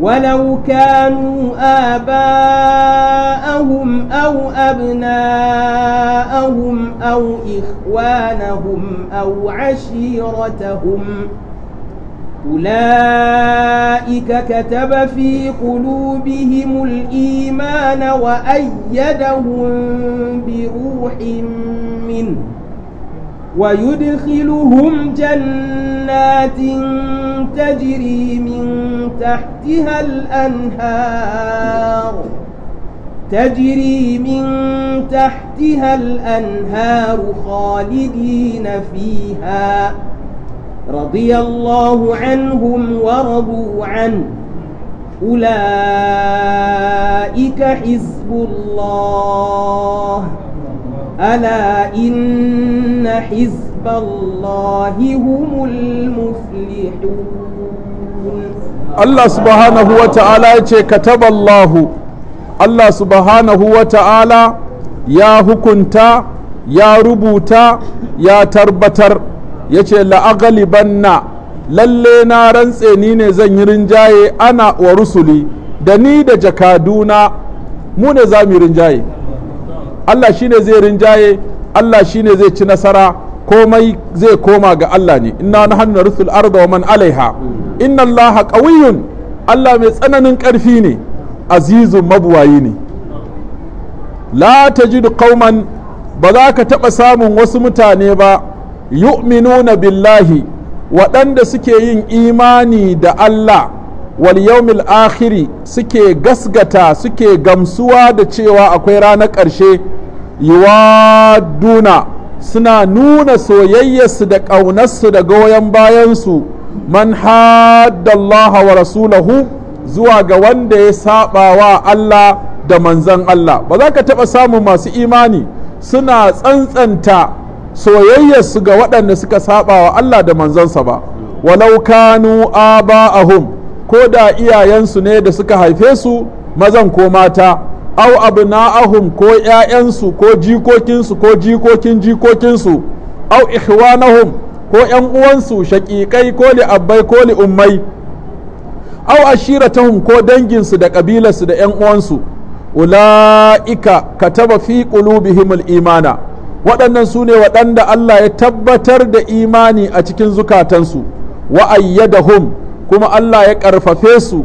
ولو كانوا آباءهم أو أبناءهم أو إخوانهم أو عشيرتهم أولئك كتب في قلوبهم الإيمان وأيدهم بروح منه ويدخلهم جنات تجري من تحتها الأنهار تجري من تحتها الأنهار خالدين فيها رضي الله عنهم ورضوا عنه أولئك حزب الله ألا إن حزب الله هم المفلحون الله سبحانه وتعالى كتب الله الله سبحانه وتعالى يا هكنتا يا ربوتا يا تربتر yace la'agalibanna lalle na rantse ni ne zan yi rinjaye ana wa rusuli da ni da jakaduna mu ne za mu yi rinjaye Allah shi ne zai rinjaye Allah shi ne zai ci nasara komai zai koma ga Allah ne inna hannun rusul arda wa man alaiha inna Allah qawiyyun Allah mai tsananin ƙarfi ne azizun mabuwayi ne la tajidu qauman ba za ka taɓa samun wasu mutane ba yu'minuna billahi waɗanda suke yin imani da Allah wal yawmil akhiri suke gasgata suke gamsuwa da cewa akwai ranar ƙarshe duna suna nuna soyayyarsu da ƙaunarsu da goyon bayansu man haddallaha wa rasulahu zuwa ga wanda ya saba wa Allah da manzan Allah ba za ka taɓa samun masu imani suna tsantsanta soyayyarsu ga waɗanda suka saba wa Allah da manzansa ba walau kanu ahum ko da iyayensu ne da suka haife su mazan ko mata aw abna'ahum ko ƴaƴansu ko jikokinsu ko jikokin jikokinsu aw ihwanahum ko ƴan uwansu shaƙiƙai ko li abbai ko li ummai aw ashiratahum ko danginsu da ƙabilarsu da ƴan uwansu ula'ika kataba fi himul imana waɗannan su ne waɗanda Allah ya tabbatar da imani a cikin zukatansu wa ayyadahum kuma Allah ya ƙarfafe su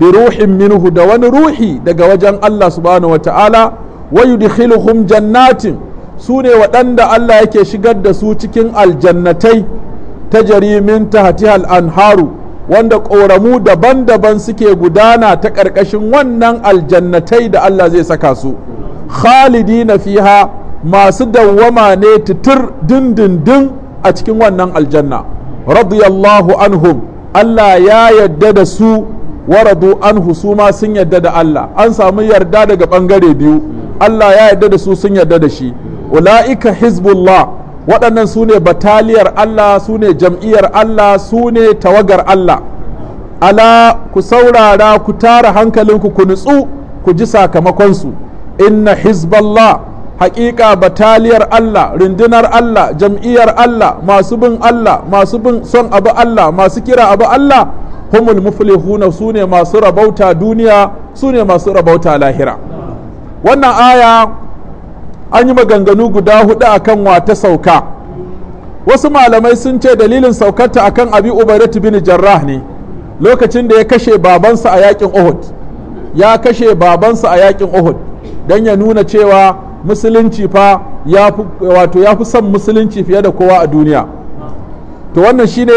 bi ruhin minhu da wani ruhi daga wajen Allah subhanahu ta'ala wa yudkhiluhum jannatin su ne waɗanda Allah yake shigar da su cikin aljannatai ta jarimin tahatihal anharu wanda ƙoramu daban-daban suke gudana ta ƙarƙashin wannan aljannatai da Allah zai saka su khalidina fiha masu dawwama ne titir dindindin a cikin wannan aljanna radiyallahu anhum Allah ya yadda da su waradu an husuma sun yarda da Allah an samu yarda daga bangare biyu Allah ya yarda da su sun yarda da shi ula'ika hizbullah waɗannan su ne bataliyar Allah su ne jam'iyyar Allah su ne tawagar Allah ala ku saurara ku tara hankalinku ku nutsu ku ji sakamakonsu inna hizballah haƙiƙa bataliyar Allah rundunar Allah jam'iyyar Allah masu bin Allah masu bin son abu Allah masu kira abu Allah humul muflihuna su ne masu rabauta duniya su ne masu rabauta lahira wannan aya an yi maganganu guda hudu akan wata sauka wasu malamai sun ce dalilin saukarta a kan abi ubaidat bin jarrah ne lokacin da ya kashe babansa a yakin uhud ya kashe babansa a yakin uhud don ya nuna cewa musulunci fa wato ya fi son musulunci fiye da kowa a duniya to wannan shine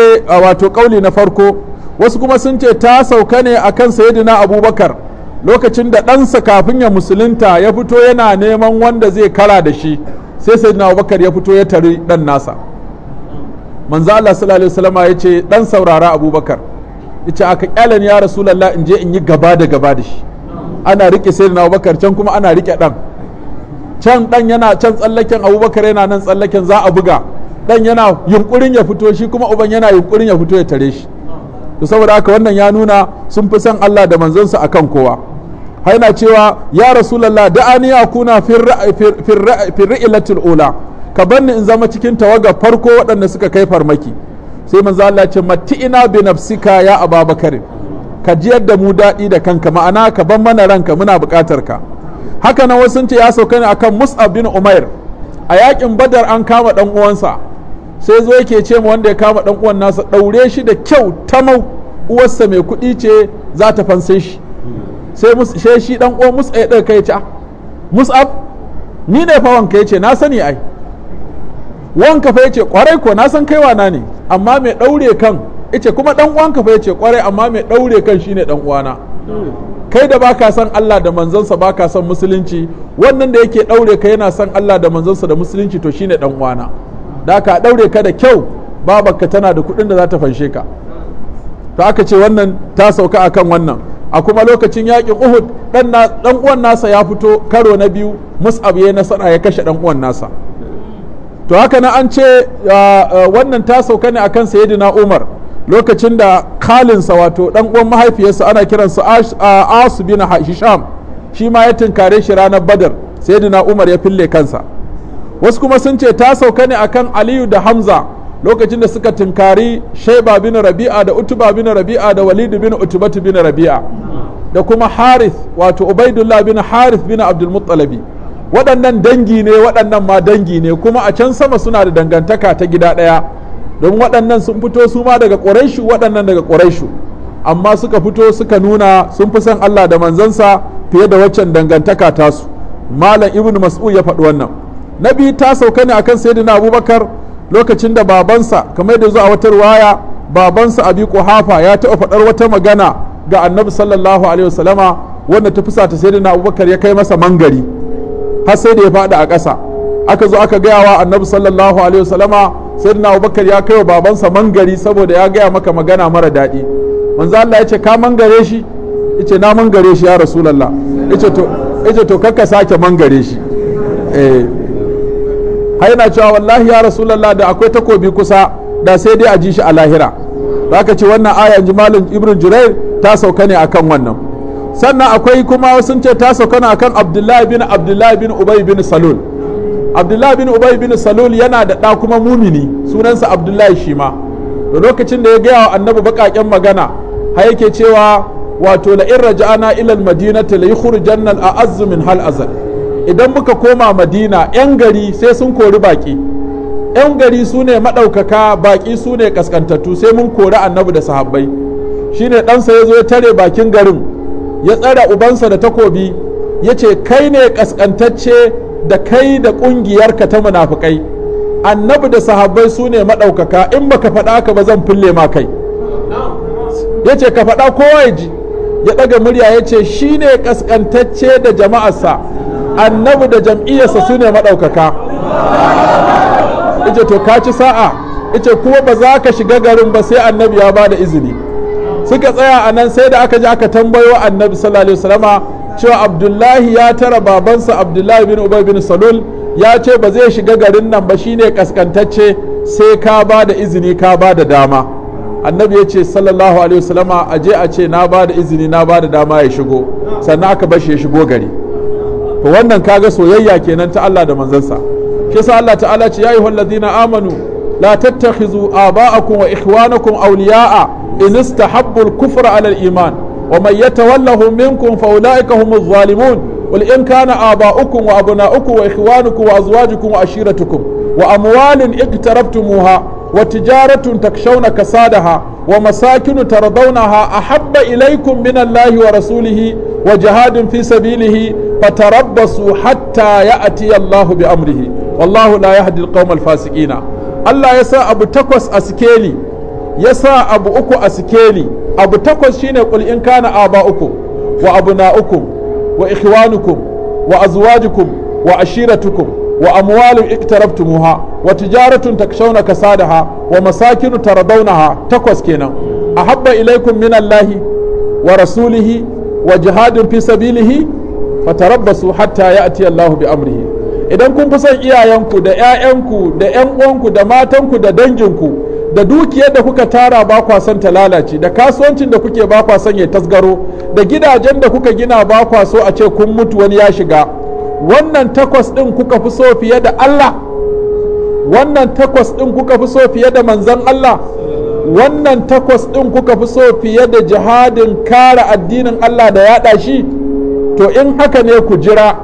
wato kauli na farko wasu kuma sun ce ta sauka ne akan sayidina abubakar lokacin da ɗansa kafin ya musulunta ya fito yana neman wanda zai kara da shi sai sayidina abubakar ya fito ya tari ɗan nasa manzo Allah sallallahu alaihi wasallam ya ce dan saurara abubakar yace aka ni ya rasulullah in je in yi gaba da gaba da shi ana rike sayidina abubakar can kuma ana rike dan can dan yana can tsallaken abubakar yana nan tsallaken za a buga dan yana yunkurin ya fito shi kuma uban yana yunkurin ya fito ya tare shi to saboda haka wannan ya nuna sun fi son Allah da manzonsa akan kowa haina cewa ya rasulullah da an ya kuna firra'ilatul ula ka banni in zama cikin tawaga farko waɗanda suka kai farmaki sai manzo Allah ce mati'ina bi nafsika ya ababakar ka jiyar da mu daɗi da kanka ma'ana ka ban mana ranka muna buƙatar ka haka nan wasu ce ya sauka ne akan Musa bin Umair a yakin Badar an kama ɗan uwansa sai zo yake ce ma wanda ya kama dan uwan nasa daure shi da kyau tamau uwarsa mai kuɗi ce za ta fanse shi sai shi dan uwan musa ya daga kai ce ah, mus'ab ni ne fa wanka yace na sani ai wanka fa yace kwarai ko na san kai na ne amma mai daure kan yace kuma dan uwanka fa yace kwarai amma mai daure kan shine dan uwana kai da baka san Allah da manzonsa baka san musulunci wannan da yake daure kai yana san Allah da manzonsa da musulunci to shine dan uwana da ka daure ka da kyau babarka tana da kuɗin da za ta fanshe ka to aka ce wannan ta sauka akan wannan a kuma lokacin yaƙin uhud ɗan uwan nasa ya fito karo na biyu mus'ab ya nasara ya kashe ɗan uwan nasa to haka na an ce wannan ta sauka ne akan sayyidina umar lokacin da kalinsa wato ɗan uwan mahaifiyarsa ana kiransa asu bin hisham shi ma ya tunkare shi ranar badar sayyidina umar ya fille kansa wasu kuma sun ce ta sauka ne akan aliyu da hamza lokacin da suka tunkari shaiba bin rabi'a da utuba bin rabi'a da walidu bin utubatu bin rabi'a da kuma harith wato ubaidullah bin harith bin abdulmuttalabi waɗannan dangi ne waɗannan ma dangi ne kuma a can sama suna da dangantaka ta gida ɗaya don waɗannan sun fito su ma daga ƙwaraishu waɗannan daga ƙwaraishu amma suka fito suka nuna sun fi son Allah da manzansa fiye da waccan dangantaka tasu malam ibnu mas'ud ya faɗi wannan Nabi ta sauka ne akan sayyidina abubakar lokacin da babansa kamar da zuwa wata ruwaya babansa abi kuhafa ya taɓa faɗar wata magana ga annabi sallallahu alaihi wasallama wanda ta fusa ta sayyidina abubakar ya kai masa mangari har sai da ya faɗi a ƙasa aka zo aka gaya wa annabi sallallahu alaihi wasallama sayyidina abubakar ya kai wa babansa mangari saboda ya gaya maka magana mara daɗi manzo Allah ya ce ka mangare shi yace na mangare shi ya rasulullah yace to yace to kakka sake mangare shi eh har yana cewa wallahi ya rasulullah da akwai takobi kusa da sai dai a ji shi a lahira zaka ce wannan aya yanzu malam ibnu jurair ta sauka ne akan wannan sannan akwai kuma sun ce ta sauka ne akan abdullahi bin abdullahi bin ubay bin salul abdullahi bin ubay bin salul yana da ɗa kuma mumini sunansa abdullahi shi ma da lokacin da ya gaya wa annabi baƙaƙen magana har yake cewa wato la in raja'ana ila al-madinati la yukhrijanna al-a'azzu hal azal idan muka koma madina 'yan gari sai sun kori baƙi 'yan gari su ne maɗaukaka baƙi su ne ƙasƙantattu sai mun kori annabi da sahabbai shine ɗansa ya zo ya tare bakin garin ya tsara ubansa da takobi ya ce kai ne ƙasƙantacce da kai da ƙungiyarka ta munafukai annabi da sahabbai su ne maɗaukaka in baka faɗa ka ba zan fille ma kai ya ce ka faɗa kowa ya ji ya ɗaga murya ya ce shi ne ƙasƙantacce da jama'arsa annabi da jam'iyyarsa su ne maɗaukaka ice to ka ci sa'a ice kuma ba za ka shiga garin ba sai annabi ya ba da izini suka tsaya a nan sai da aka ji aka tambayo annabi sallallahu alaihi cewa abdullahi ya tara babansa abdullahi bin ubay bin salul ya ce ba zai shiga garin nan ba shine kaskantacce sai ka ba da izini ka ba da dama annabi ya ce sallallahu alaihi wasallama a je a ce na ba da izini na ba da dama ya shigo sannan aka bar shi ya shigo gari to wannan kaga soyayya kenan ta Allah da manzansa shi yasa Allah ta'ala ce ya ayyuhallazina amanu la tattakhizu aba'akum wa ikhwanakum awliya'a in istahabbu al-kufra 'ala al-iman wa man yatawallahu minkum fa ulaika humu adh-dhalimun qul in kana aba'ukum wa abna'ukum wa ikhwanukum wa azwajukum wa ashiratukum wa amwalin iqtarabtumuha wa tijaratun takshawna kasadaha wa masakinu ta tardawnaha ahabba ilaykum min Allahi wa rasulihi wa jihadin fi sabilihi fatarabbasu hatta ya'ti Allahu bi amrihi wallahu la yahdi al-qawma al Allah ya sa abu takwas a sikeli yasa abu uku a sikeli abu takwas shine kul in kana aba uku wa abnaukum wa ikhwanukum wa azwajukum wa ashiratukum wa amwalun muha. wa tijaratun takshawna kasadaha wa masakinu ha, takwas kenan ahabba ilaikum min Allahi wa rasulihi wa jihadin fi sabilihi su hatta ya'ti Allahu bi amrihi idan kun fi son iyayenku da ƴaƴanku da ƴan uwanku da matanku da danginku da dukiyar da kuka tara ba kwa son ta lalace da kasuwancin da kuke ba kwa son ya tasgaro da gidajen da kuka gina ba kwa so a ce kun mutu wani ya shiga wannan takwas ɗin kuka fi so fiye da Allah wannan takwas ɗin kuka fi so fiye da manzan Allah wannan takwas ɗin kuka fi so fiye da jihadin kara addinin Allah da yaɗa shi to in haka ne ku jira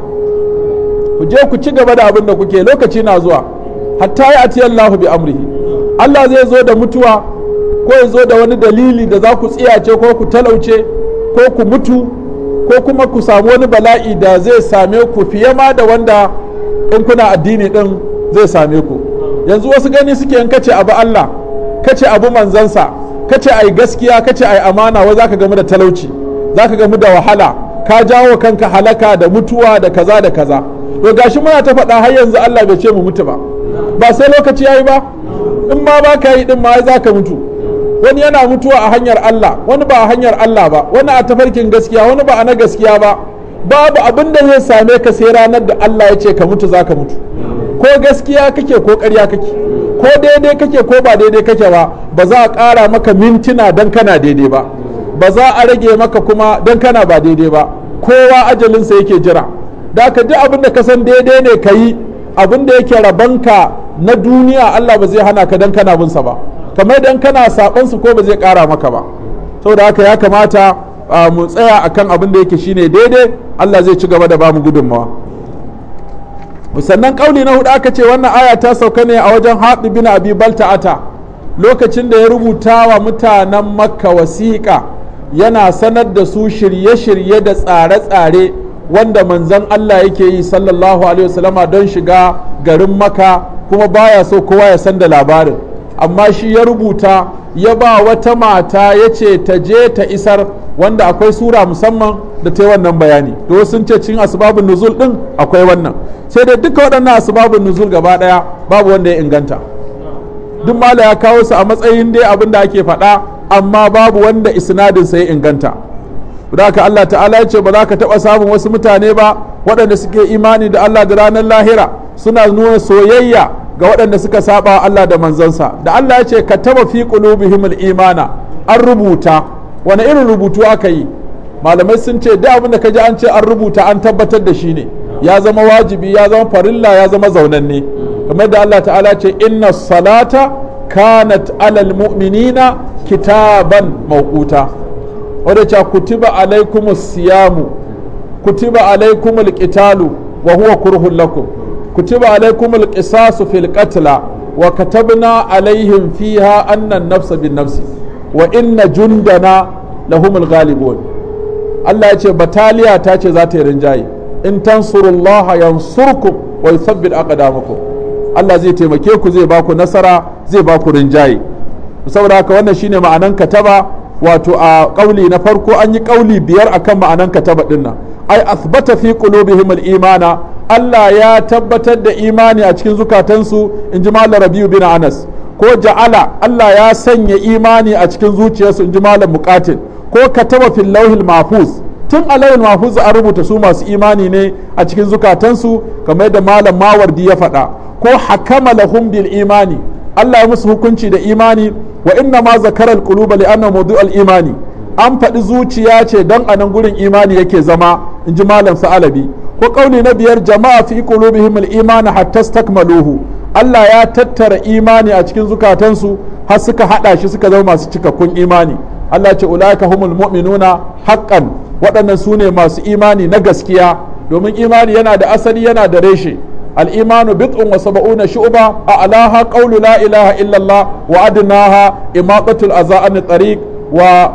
ku je ku ci gaba da abin da kuke lokaci na zuwa hatta ya ati Allah bi amrihi Allah zai zo da mutuwa ko ya zo da wani dalili da za ku tsiyace ko ku talauce ko ku mutu ko kuma ku samu wani bala'i da zai same ku fiye ma da wanda in kuna addini ɗin zai same ku yanzu wasu gani suke yin kace abu Allah kace abu manzansa kace ai gaskiya kace ai amana wai zaka gamu da talauci zaka gamu da wahala ka jawo kanka halaka da mutuwa da kaza da kaza to gashi muna ta faɗa har yanzu Allah bai ce mu mutu ba ba sai lokaci yayi ba in ma ba ka yi din ma zaka mutu wani yana mutuwa a hanyar Allah wani ba a hanyar Allah ba wani a tafarkin gaskiya wani ba a na gaskiya ba babu abin da zai same ka sai ranar da Allah ya ce ka mutu zaka mutu ko gaskiya kake ko ƙarya kake ko daidai kake ko ba daidai kake ba ba za a ƙara maka mintuna don kana daidai ba ba za a rage maka kuma don kana ba daidai ba kowa ajalinsa yake jira da ka duk abin da ka san daidai ne ka yi abin da yake rabanka na duniya Allah ba zai hana ka don kana binsa ba kamar dan kana sabansu ko ba zai ƙara maka ba saboda haka ya kamata ah, mu tsaya akan abin da yake shine daidai Allah zai ci gaba da bamu gudunmawa sannan kauli na hudu aka ce wannan aya ta sauka ne a wajen haɗi bin abi balta'ata lokacin da ya rubuta wa mutanen makka wasiƙa yana sanar da su shirye-shirye da tsare-tsare wanda manzon Allah yake yi sallallahu alaihi wasallama don shiga garin maka kuma baya so kowa ya san da labarin amma shi ya rubuta ya ba wata mata ya ce ta je ta isar wanda akwai sura musamman da ta yi wannan bayani to sun ce cin asibabin nuzul din akwai wannan sai dai duka waɗannan asibabin nuzul gaba ɗaya babu wanda ya inganta duk mala ya kawo su a matsayin dai abin da ake faɗa amma babu wanda isnadin sai inganta da ka Allah ta'ala ya ce ba za ka taɓa samun wasu mutane ba waɗanda suke imani da Allah da ranar lahira suna nuna soyayya ga waɗanda suka saba Allah da manzansa da Allah ya ce kataba fi qulubihimul imana an rubuta wani irin rubutu aka yi malamai sun ce da abin da ji an ce an rubuta an tabbatar da shi ne ya zama wajibi ya zama farilla ya zama zaunanne kamar da Allah ta'ala ce inna salata kanat alal mu'minina kitaban mawquta wanda ce kutiba alaikumus siyamu kutiba alaikumul qitalu wa huwa kurhun lakum kutiba alaikum alqisasu fil qatla wa katabna alaihim fiha annan an-nafsa bin nafsi wa inna jundana lahum al-ghalibun Allah ce bataliya ta ce za ta yi rinjaye in tansurullaha yansurkum wa yuthabbit aqdamakum Allah zai taimake ku zai baku nasara zai baku rinjaye saboda haka wannan shine ma'anan kataba wato a kauli na farko an yi kauli biyar akan ma'anan kataba dinnan ai athbata fi qulubihim al-imana Allah ya tabbatar da imani a cikin zukatansu in ji malam rabiu bin anas ko ja'ala Allah ya sanya imani a cikin zuciyarsu in ji malam muqatil ko kataba fil lauhil mahfuz tun a lauhil mahfuz an rubuta su masu imani ne a cikin zukatansu kamar yadda malam mawardi ya faɗa ko hakama lahum bil imani Allah ya musu hukunci da imani wa inna ma zakara al quluba li anna al imani an faɗi zuciya ce don a nan gurin imani yake zama in ji malam sa'alabi ko kauli na biyar jama'a fi qulubihim al-iman hatta stakmaluhu Allah ya tattara imani a cikin zukatansu har suka hada shi suka zama masu cikakkun imani Allah ce ulaika humul mu'minuna haqqan waɗannan su ne masu imani na gaskiya domin imani yana da asali yana da reshe al-imanu bid'un wa sab'una shu'ba a'laha qawlu la ilaha illallah wa adnaha imatatul aza tariq wa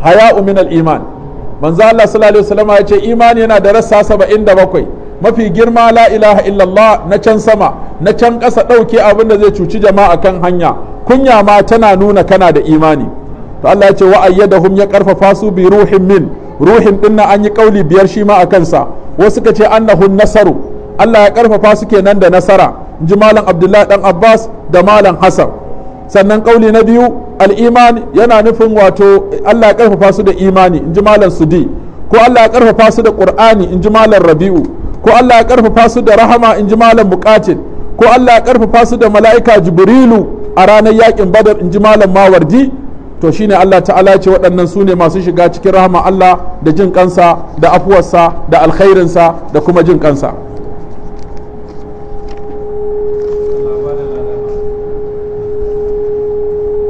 haya'u min al-iman manzo Allah sallallahu alaihi wasallam ya ce imani yana da rassa saba'in da bakwai mafi girma la ilaha illallah na can sama na can ƙasa ɗauke abin da zai cuci jama'a kan hanya kunya ma tana nuna kana da imani to Allah ya ce wa ayyadahum ya karfafa su bi ruhin min ruhin dinnan an yi kauli biyar shi ma akansa wasu suka ce annahun nasaru Allah ya karfafa su kenan da nasara inji malam Abdullahi dan Abbas da malam Hassan sannan ƙauli na biyu al'iman yana nufin wato Allah ya karfafa su da imani in ji malam sudi ko Allah ya karfafa su da qur'ani in ji malam rabi'u ko Allah ya karfafa su da rahama in ji malam bukatin ko Allah ya karfafa su da mala'ika jibrilu a ranar yakin badar in ji malam mawardi to shine Allah ta'ala ce waɗannan su ne masu shiga cikin rahama Allah da jin kansa da afuwarsa da alkhairinsa da kuma jin kansa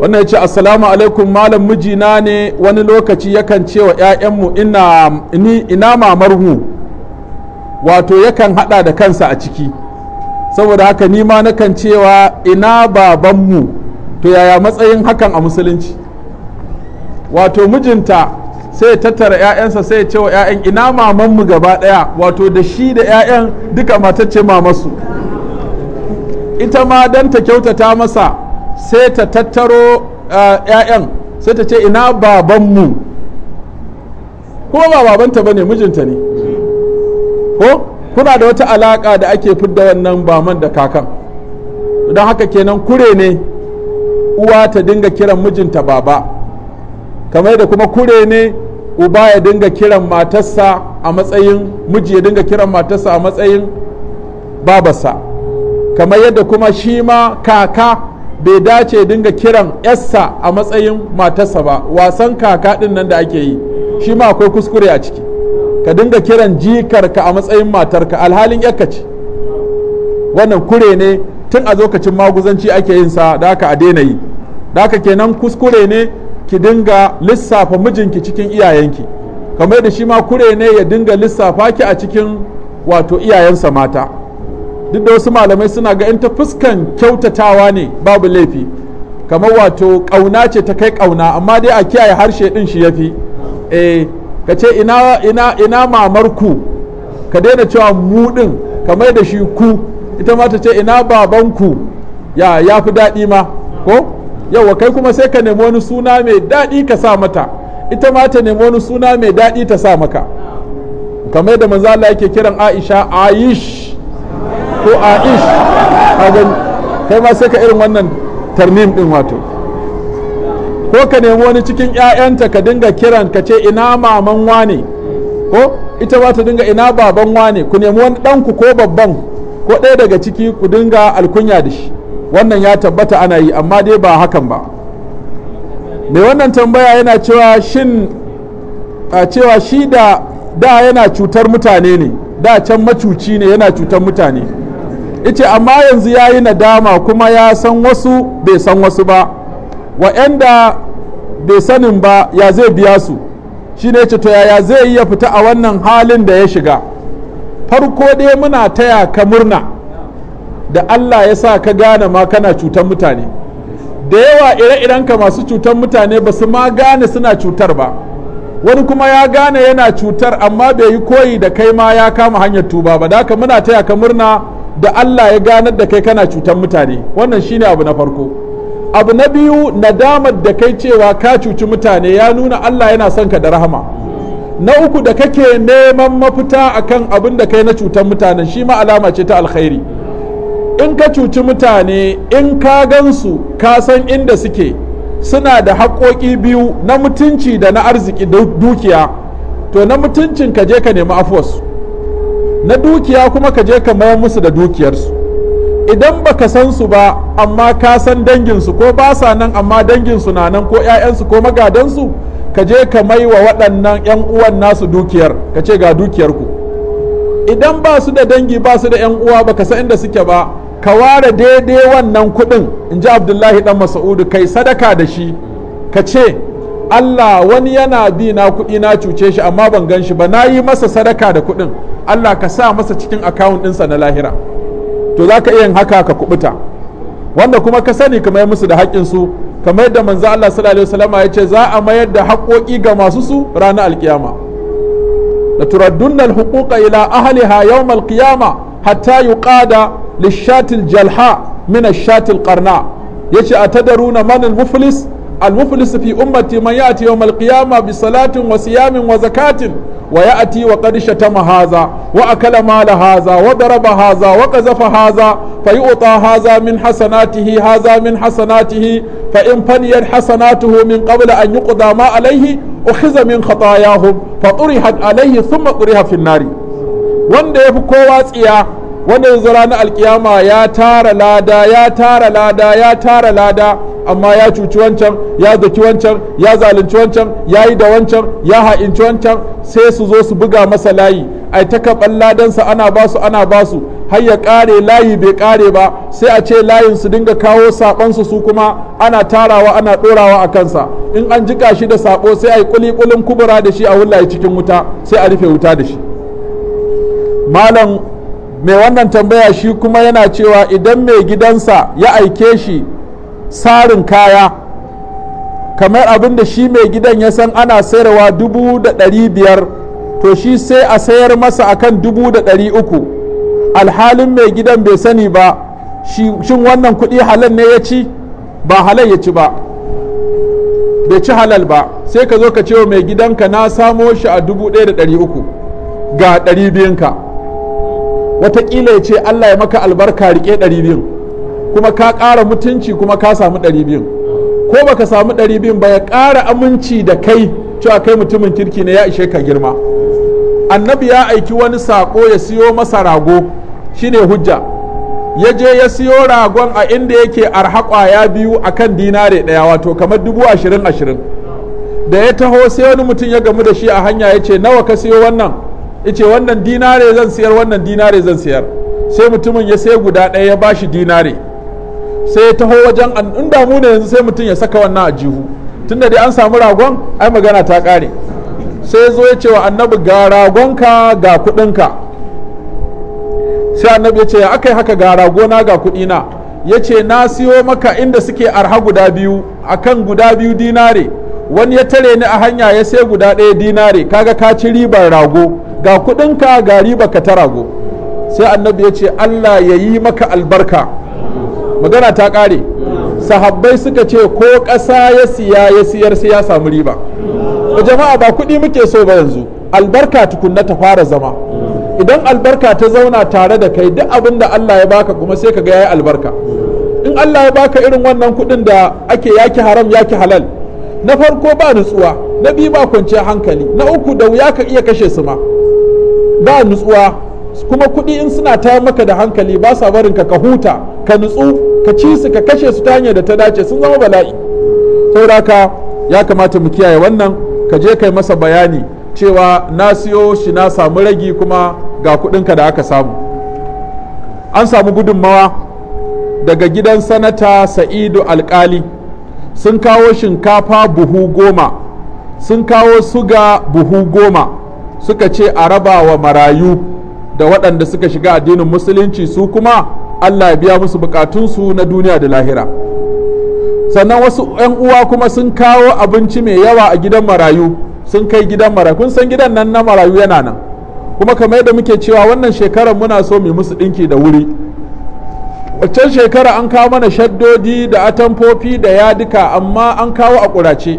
wannan ya ce assalamu alaikum malam mijina ne wani lokaci yakan ce wa 'ya'yanmu ina, mamarhu wato yakan hada da kansa a ciki saboda haka nima nakan cewa ina babanmu to yaya matsayin hakan a musulunci wato mijinta sai tattara 'ya'yansa sai ce wa 'ya'yan ina mamanmu gaba daya wato da shi da 'ya'yan duka matacce mamarsu ita ma don ta kyautata masa sai ta tattaro ‘ya'yan sai ta ce ina babanmu kuma ba babanta ba ne mijinta ne ko kuna da wata alaƙa da ake fidda wannan baman da kakan don haka kenan kure ne uwa ta dinga kiran mijinta baba kamar da kuma kure ne uba ya dinga kiran matarsa a matsayin miji ya dinga kiran matarsa a matsayin babarsa kamar yadda kuma shi ma kaka bai dace dinga kiran yassa a matsayin matarsa ba wasan kaka din nan da ake yi shi ma akwai kuskure a ciki ka dinga kiran jikarka a matsayin matarka alhalin yakka ce wannan kure ne tun a lokacin maguzanci ake yin sa da aka a daina yi da aka kenan kuskure ne ki dinga lissafa mijinki cikin iyayenki kamar da shi ma kure ne ya dinga lissafa ki a cikin wato iyayensa mata duk da wasu malamai suna ga in ta fuskan kyautatawa ne babu laifi kamar wato ƙauna ce ta kai ƙauna amma dai a kiyaye harshe ɗin shi ya fi eh ka ce ina mamarku ka daina cewa mu ɗin kamar da shi ku ita ma ta ce ina babanku ya ya fi daɗi ma ko yawa kai kuma sai ka nemi wani suna mai daɗi ka sa mata ita ma ta nemi wani suna mai daɗi ta sa maka kamar da maza yake kiran Aisha Aish ko aish gani kai ma sai ka irin wannan tarnim din wato ko ka nemi wani cikin 'ya'yanta ka dinga kiran ka ce ina maman wane ko ita ba dinga ina baban wane ku nemi wani ɗanku ko babban ko ɗaya daga ciki ku dinga alkunya da shi wannan ya tabbata ana yi amma dai ba hakan ba mai wannan tambaya yana cewa shin a cewa shi da da yana cutar mutane ne da can macuci ne yana cutar mutane ita amma yanzu ya yi nadama kuma ya san wasu bai san wasu ba waɗanda bai sanin ba ya zai biya su shi ne to yaya zai iya fita a wannan halin da ya shiga farko dai muna taya ka murna da allah ya sa ka gane ma kana cutar mutane da yawa ire ka masu cutar mutane ba su ma gane suna cutar ba wani kuma ya gane yana cutar amma bai yi koyi da kai ma ya kama hanyar tuba ba da haka muna taya ka murna da Allah ya ganar da kai kana cutar mutane wannan shine abu na farko abu na biyu nadamar da kai cewa ka cuci mutane ya nuna Allah yana son ka da rahama na uku da kake neman mafita akan abin da kai na cutar mutane shi ma alama ce ta alkhairi in ka cuci mutane in ka gansu ka san inda suke suna da haƙoƙi biyu na mutunci da na arziki dukiya to na mutuncin ka je ka nemi afuwarsu na dukiya kuma ka je ka mayar musu da dukiyarsu idan ba ka san su ba amma ka san danginsu ko ba sa nan amma danginsu na nan ko 'ya'yansu ko magadansu ka je ka mai wa waɗannan 'yan uwan nasu dukiyar ka ce ga dukiyarku idan ba su da dangi ba su da 'yan uwa ba ka san inda suke ba ka ware daidai wannan kuɗin in ji abdullahi dan masa'udu kai sadaka da shi ka ce Allah wani yana bi na kuɗi na cuce shi amma ban gan shi ba na yi masa sadaka da kuɗin Allah ka sa masa cikin akawun ɗinsa na lahira to za ka iya yin haka ka kubuta wanda kuma ka sani ka mayar musu da haƙƙinsu kamar yadda manzo Allah sallallahu alaihi wasallam ya ce za a mayar da haƙoƙi ga masu su ranar alkiyama la turaddunna alhuquqa ila ahliha yawm alqiyama hatta yuqada lishatil jalha min ash-shatil qarna yace atadaruna man al-muflis المفلس في أمتي من يأتي يوم القيامة بصلاة وصيام وزكاة ويأتي وقد شتم هذا وأكل مال هذا وضرب هذا وقذف هذا فيؤطى هذا من حسناته هذا من حسناته فإن فنيت حسناته من قبل أن يقضى ما عليه أخذ من خطاياهم فطرحت عليه ثم طرح في النار wanda ya fi kowa tsiya wanda yanzu ranar alkiyama ya tara lada ya tara lada ya tara lada amma ya cuci wancan ya zaki wancan ya zalunci wancan ya yi da wancan ya ha'inci wancan sai su zo su buga masa layi ai ta kaɓan ladansa ana basu ana basu har ya ƙare layi bai ƙare ba sai a ce layin su dinga kawo saɓansu su kuma ana tarawa ana ɗorawa a kansa in an jika shi da saɓo sai a yi ƙuli-ƙulin kubura da shi a wulaye cikin wuta sai a rufe wuta da shi malam mai wannan tambaya shi kuma yana cewa idan mai gidansa ya aike shi sarin kaya kamar abin da shi mai gidan ya san ana sayarwa dubu da ɗari biyar to shi sai a sayar masa akan dubu da ɗari uku alhalin mai gidan bai sani ba shin wannan kuɗi halal ne ya ci ba halal ya ci ba bai ci halal ba sai ka zo ka ce wa mai gidanka na samo shi a dubu ɗaya da ɗari uku ga ɗari biyunka watakila ya ce Allah ya maka albarka rike ɗari biyun kuma ka ƙara mutunci kuma ka samu ɗari biyun ko baka samu ɗari biyun ba ya ƙara aminci da kai cewa kai mutumin kirki ne ya ishe ka girma annabi ya aiki wani saƙo ya siyo masa rago shine hujja ya je ya siyo ragon a inda yake arha ƙwaya biyu kan dinare ɗaya wato kamar dubu ashirin ashirin da ya taho sai wani mutum ya gamu da shi a hanya ya ce nawa ka siyo wannan ce wannan dinare zan siyar wannan dinare zan siyar sai mutumin ya sai guda ɗaya ya bashi dinare sai ya taho wajen in damu ne yanzu sai mutum ya saka wannan a jihu tunda dai an samu ragon ai magana ta ƙare sai ya zo ya ce wa annabi ga ragonka ga kuɗinka sai annabi ya ce aka haka ga ragona ga kuɗina ya ce na siyo maka inda suke arha guda biyu akan guda biyu dinare wani ya tare ni a hanya ya sai guda ɗaya dinare kaga ka ci ribar rago ga kudinka ga riba ka ta rago sai annabi ya ce Allah ya yi maka albarka magana ta kare sahabbai suka ce ko ƙasa ya siya ya siyar sai ya samu riba Ba jama'a ba kuɗi muke so ba yanzu albarka tukunna ta fara zama idan albarka ta zauna tare da kai duk abin da Allah ya baka kuma sai ka ga yayi albarka in Allah ya baka irin wannan kuɗin da ake yaki haram yaki halal na farko ba nutsuwa na biyu ba kwanciyar hankali na uku da wuya ka iya kashe su ma ba nutsuwa kuma kuɗi in suna tayar maka da hankali ba sa barin ka ka huta ka nutsu ka ci su ka kashe su ta hanyar da ta dace sun zama bala'i sauraka ya kamata mu kiyaye wannan ka je kai masa bayani cewa na siyo shi na samu ragi kuma ga ka da aka samu an samu gudunmawa daga gidan sanata sa'idu alkali sun kawo shinkafa buhu goma sun kawo suga buhu goma suka ce a raba wa marayu da waɗanda suka shiga addinin musulunci su kuma Allah ya biya musu bukatunsu na duniya da lahira sannan wasu 'yan uwa kuma sun kawo abinci mai yawa a gidan marayu sun kai gidan marayu kun san gidan nan na marayu yana nan kuma kamar yadda muke cewa wannan shekarar muna so mu musu ɗinki da wuri waccan shekara an kawo mana shaddodi da atamfofi da yadika amma an kawo a ƙurace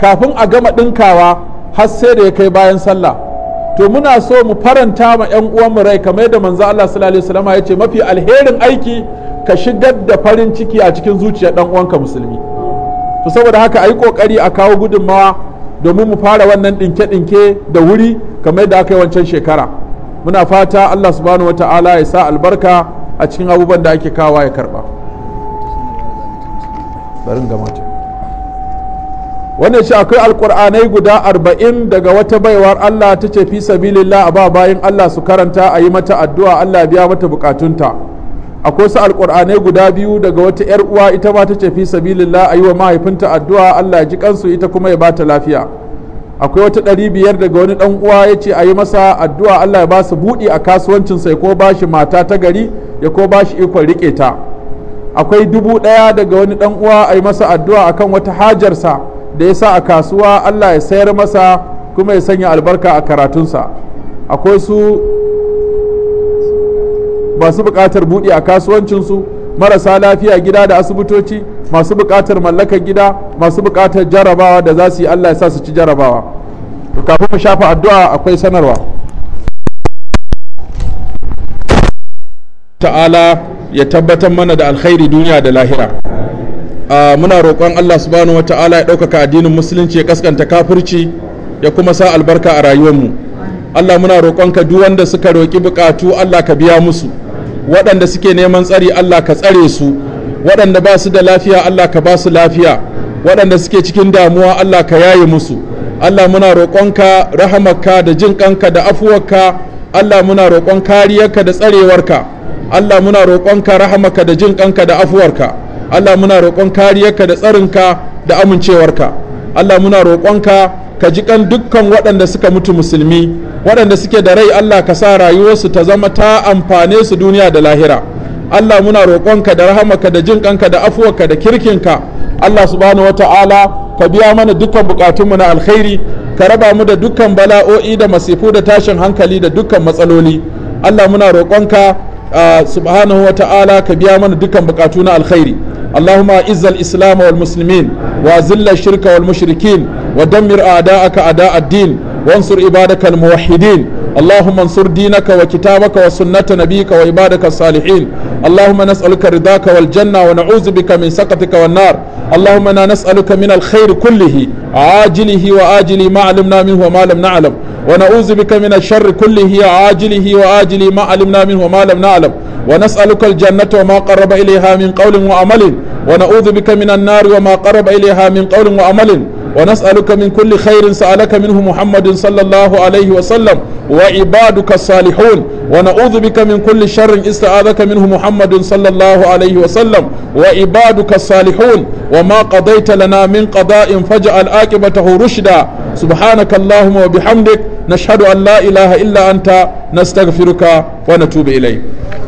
kafin a gama ɗinkawa har sai da ya kai bayan sallah to muna so mu faranta ma 'yan uwanmu rai kamar yadda manzo Allah sallallahu alaihi wasallam ya ce mafi alherin aiki ka shigar da farin ciki a cikin zuciyar dan uwanka musulmi to saboda haka ayi kokari a kawo gudunmawa domin mu fara wannan dinke dinke da wuri kamar yadda aka yi wancan shekara muna fata Allah subhanahu wataala ya sa albarka a cikin abubuwan da ake kawa ya karba barin ta wannan shi akwai alkur'anai guda arba'in daga wata baiwar allah ta ce fi sabilillah a ba bayan allah su karanta a yi mata addu'a allah biya mata bukatunta akwai su alkur'anai guda biyu daga wata yar uwa ita ma ta ce fi sabilillah a yi wa mahaifinta addu'a allah ji kansu ita kuma ya bata lafiya akwai wata ɗari biyar daga wani ɗan uwa ya ce a yi masa addu'a allah ya ba su buɗi a kasuwancinsa ya ko ba shi mata ta gari ya ko ba shi ikon riƙe ta akwai dubu ɗaya daga wani ɗan uwa a yi masa addu'a akan wata hajarsa da ya sa a kasuwa Allah ya sayar masa kuma ya sanya albarka a karatunsa akwai su masu buƙatar buɗe a kasuwancinsu marasa lafiya gida da asibitoci masu buƙatar mallakar gida masu buƙatar jarabawa da za su yi Allah ya sa su ci jarabawa kafin mu shafa addu'a akwai sanarwa ta'ala ya tabbatar mana da alkhairi duniya da lahira Ah, muna roƙon Allah subhanahu ta'ala ya ɗaukaka addinin musulunci ya kaskanta kafirci ya kuma sa albarka a rayuwarmu Allah muna roƙonka duk wanda suka roƙi buƙatu Allah ka biya musu waɗanda suke neman tsari Allah ka tsare su waɗanda ba su da lafiya Allah ka ba su lafiya waɗanda suke cikin damuwa Allah ka yaye musu Allah muna roƙonka rahamarka da jin ƙanka da afuwarka Allah muna roƙon kariyarka da tsarewarka Allah muna roƙonka rahamarka da jin ƙanka da afuwarka Allah muna roƙon kariyarka da tsarinka da amincewarka Allah muna roƙonka ka ji kan dukkan waɗanda suka mutu musulmi waɗanda suke da rai Allah ka sa rayuwarsu ta zama ta amfane su duniya da lahira Allah muna roƙonka da rahamaka da jin kanka da afuwarka da kirkinka Allah subhanahu wata'ala ka biya mana dukkan buƙatunmu na alkhairi ka raba mu da dukkan bala'o'i da masifu da tashin hankali da dukkan matsaloli Allah muna roƙonka ah, subhanahu wata'ala ka biya mana dukkan buƙatu na alkhairi اللهم أعز الإسلام والمسلمين وأذل الشرك والمشركين ودمر أعداءك أعداء الدين وانصر عبادك الموحدين اللهم انصر دينك وكتابك وسنة نبيك وعبادك الصالحين اللهم نسألك رضاك والجنة ونعوذ بك من سقطك والنار اللهم انا نسألك من الخير كله عاجله وآجله ما علمنا منه وما لم نعلم ونعوذ بك من الشر كله عاجله وآجله ما علمنا منه وما لم نعلم ونسألك الجنة وما قرب إليها من قول وعمل ونعوذ بك من النار وما قرب إليها من قول وعمل ونسألك من كل خير سألك منه محمد صلى الله عليه وسلم وعبادك الصالحون ونعوذ بك من كل شر استعاذك منه محمد صلى الله عليه وسلم وعبادك الصالحون وما قضيت لنا من قضاء فاجعل عاقبته رشدا سبحانك اللهم وبحمدك نشهد أن لا إله إلا أنت نستغفرك ونتوب إليك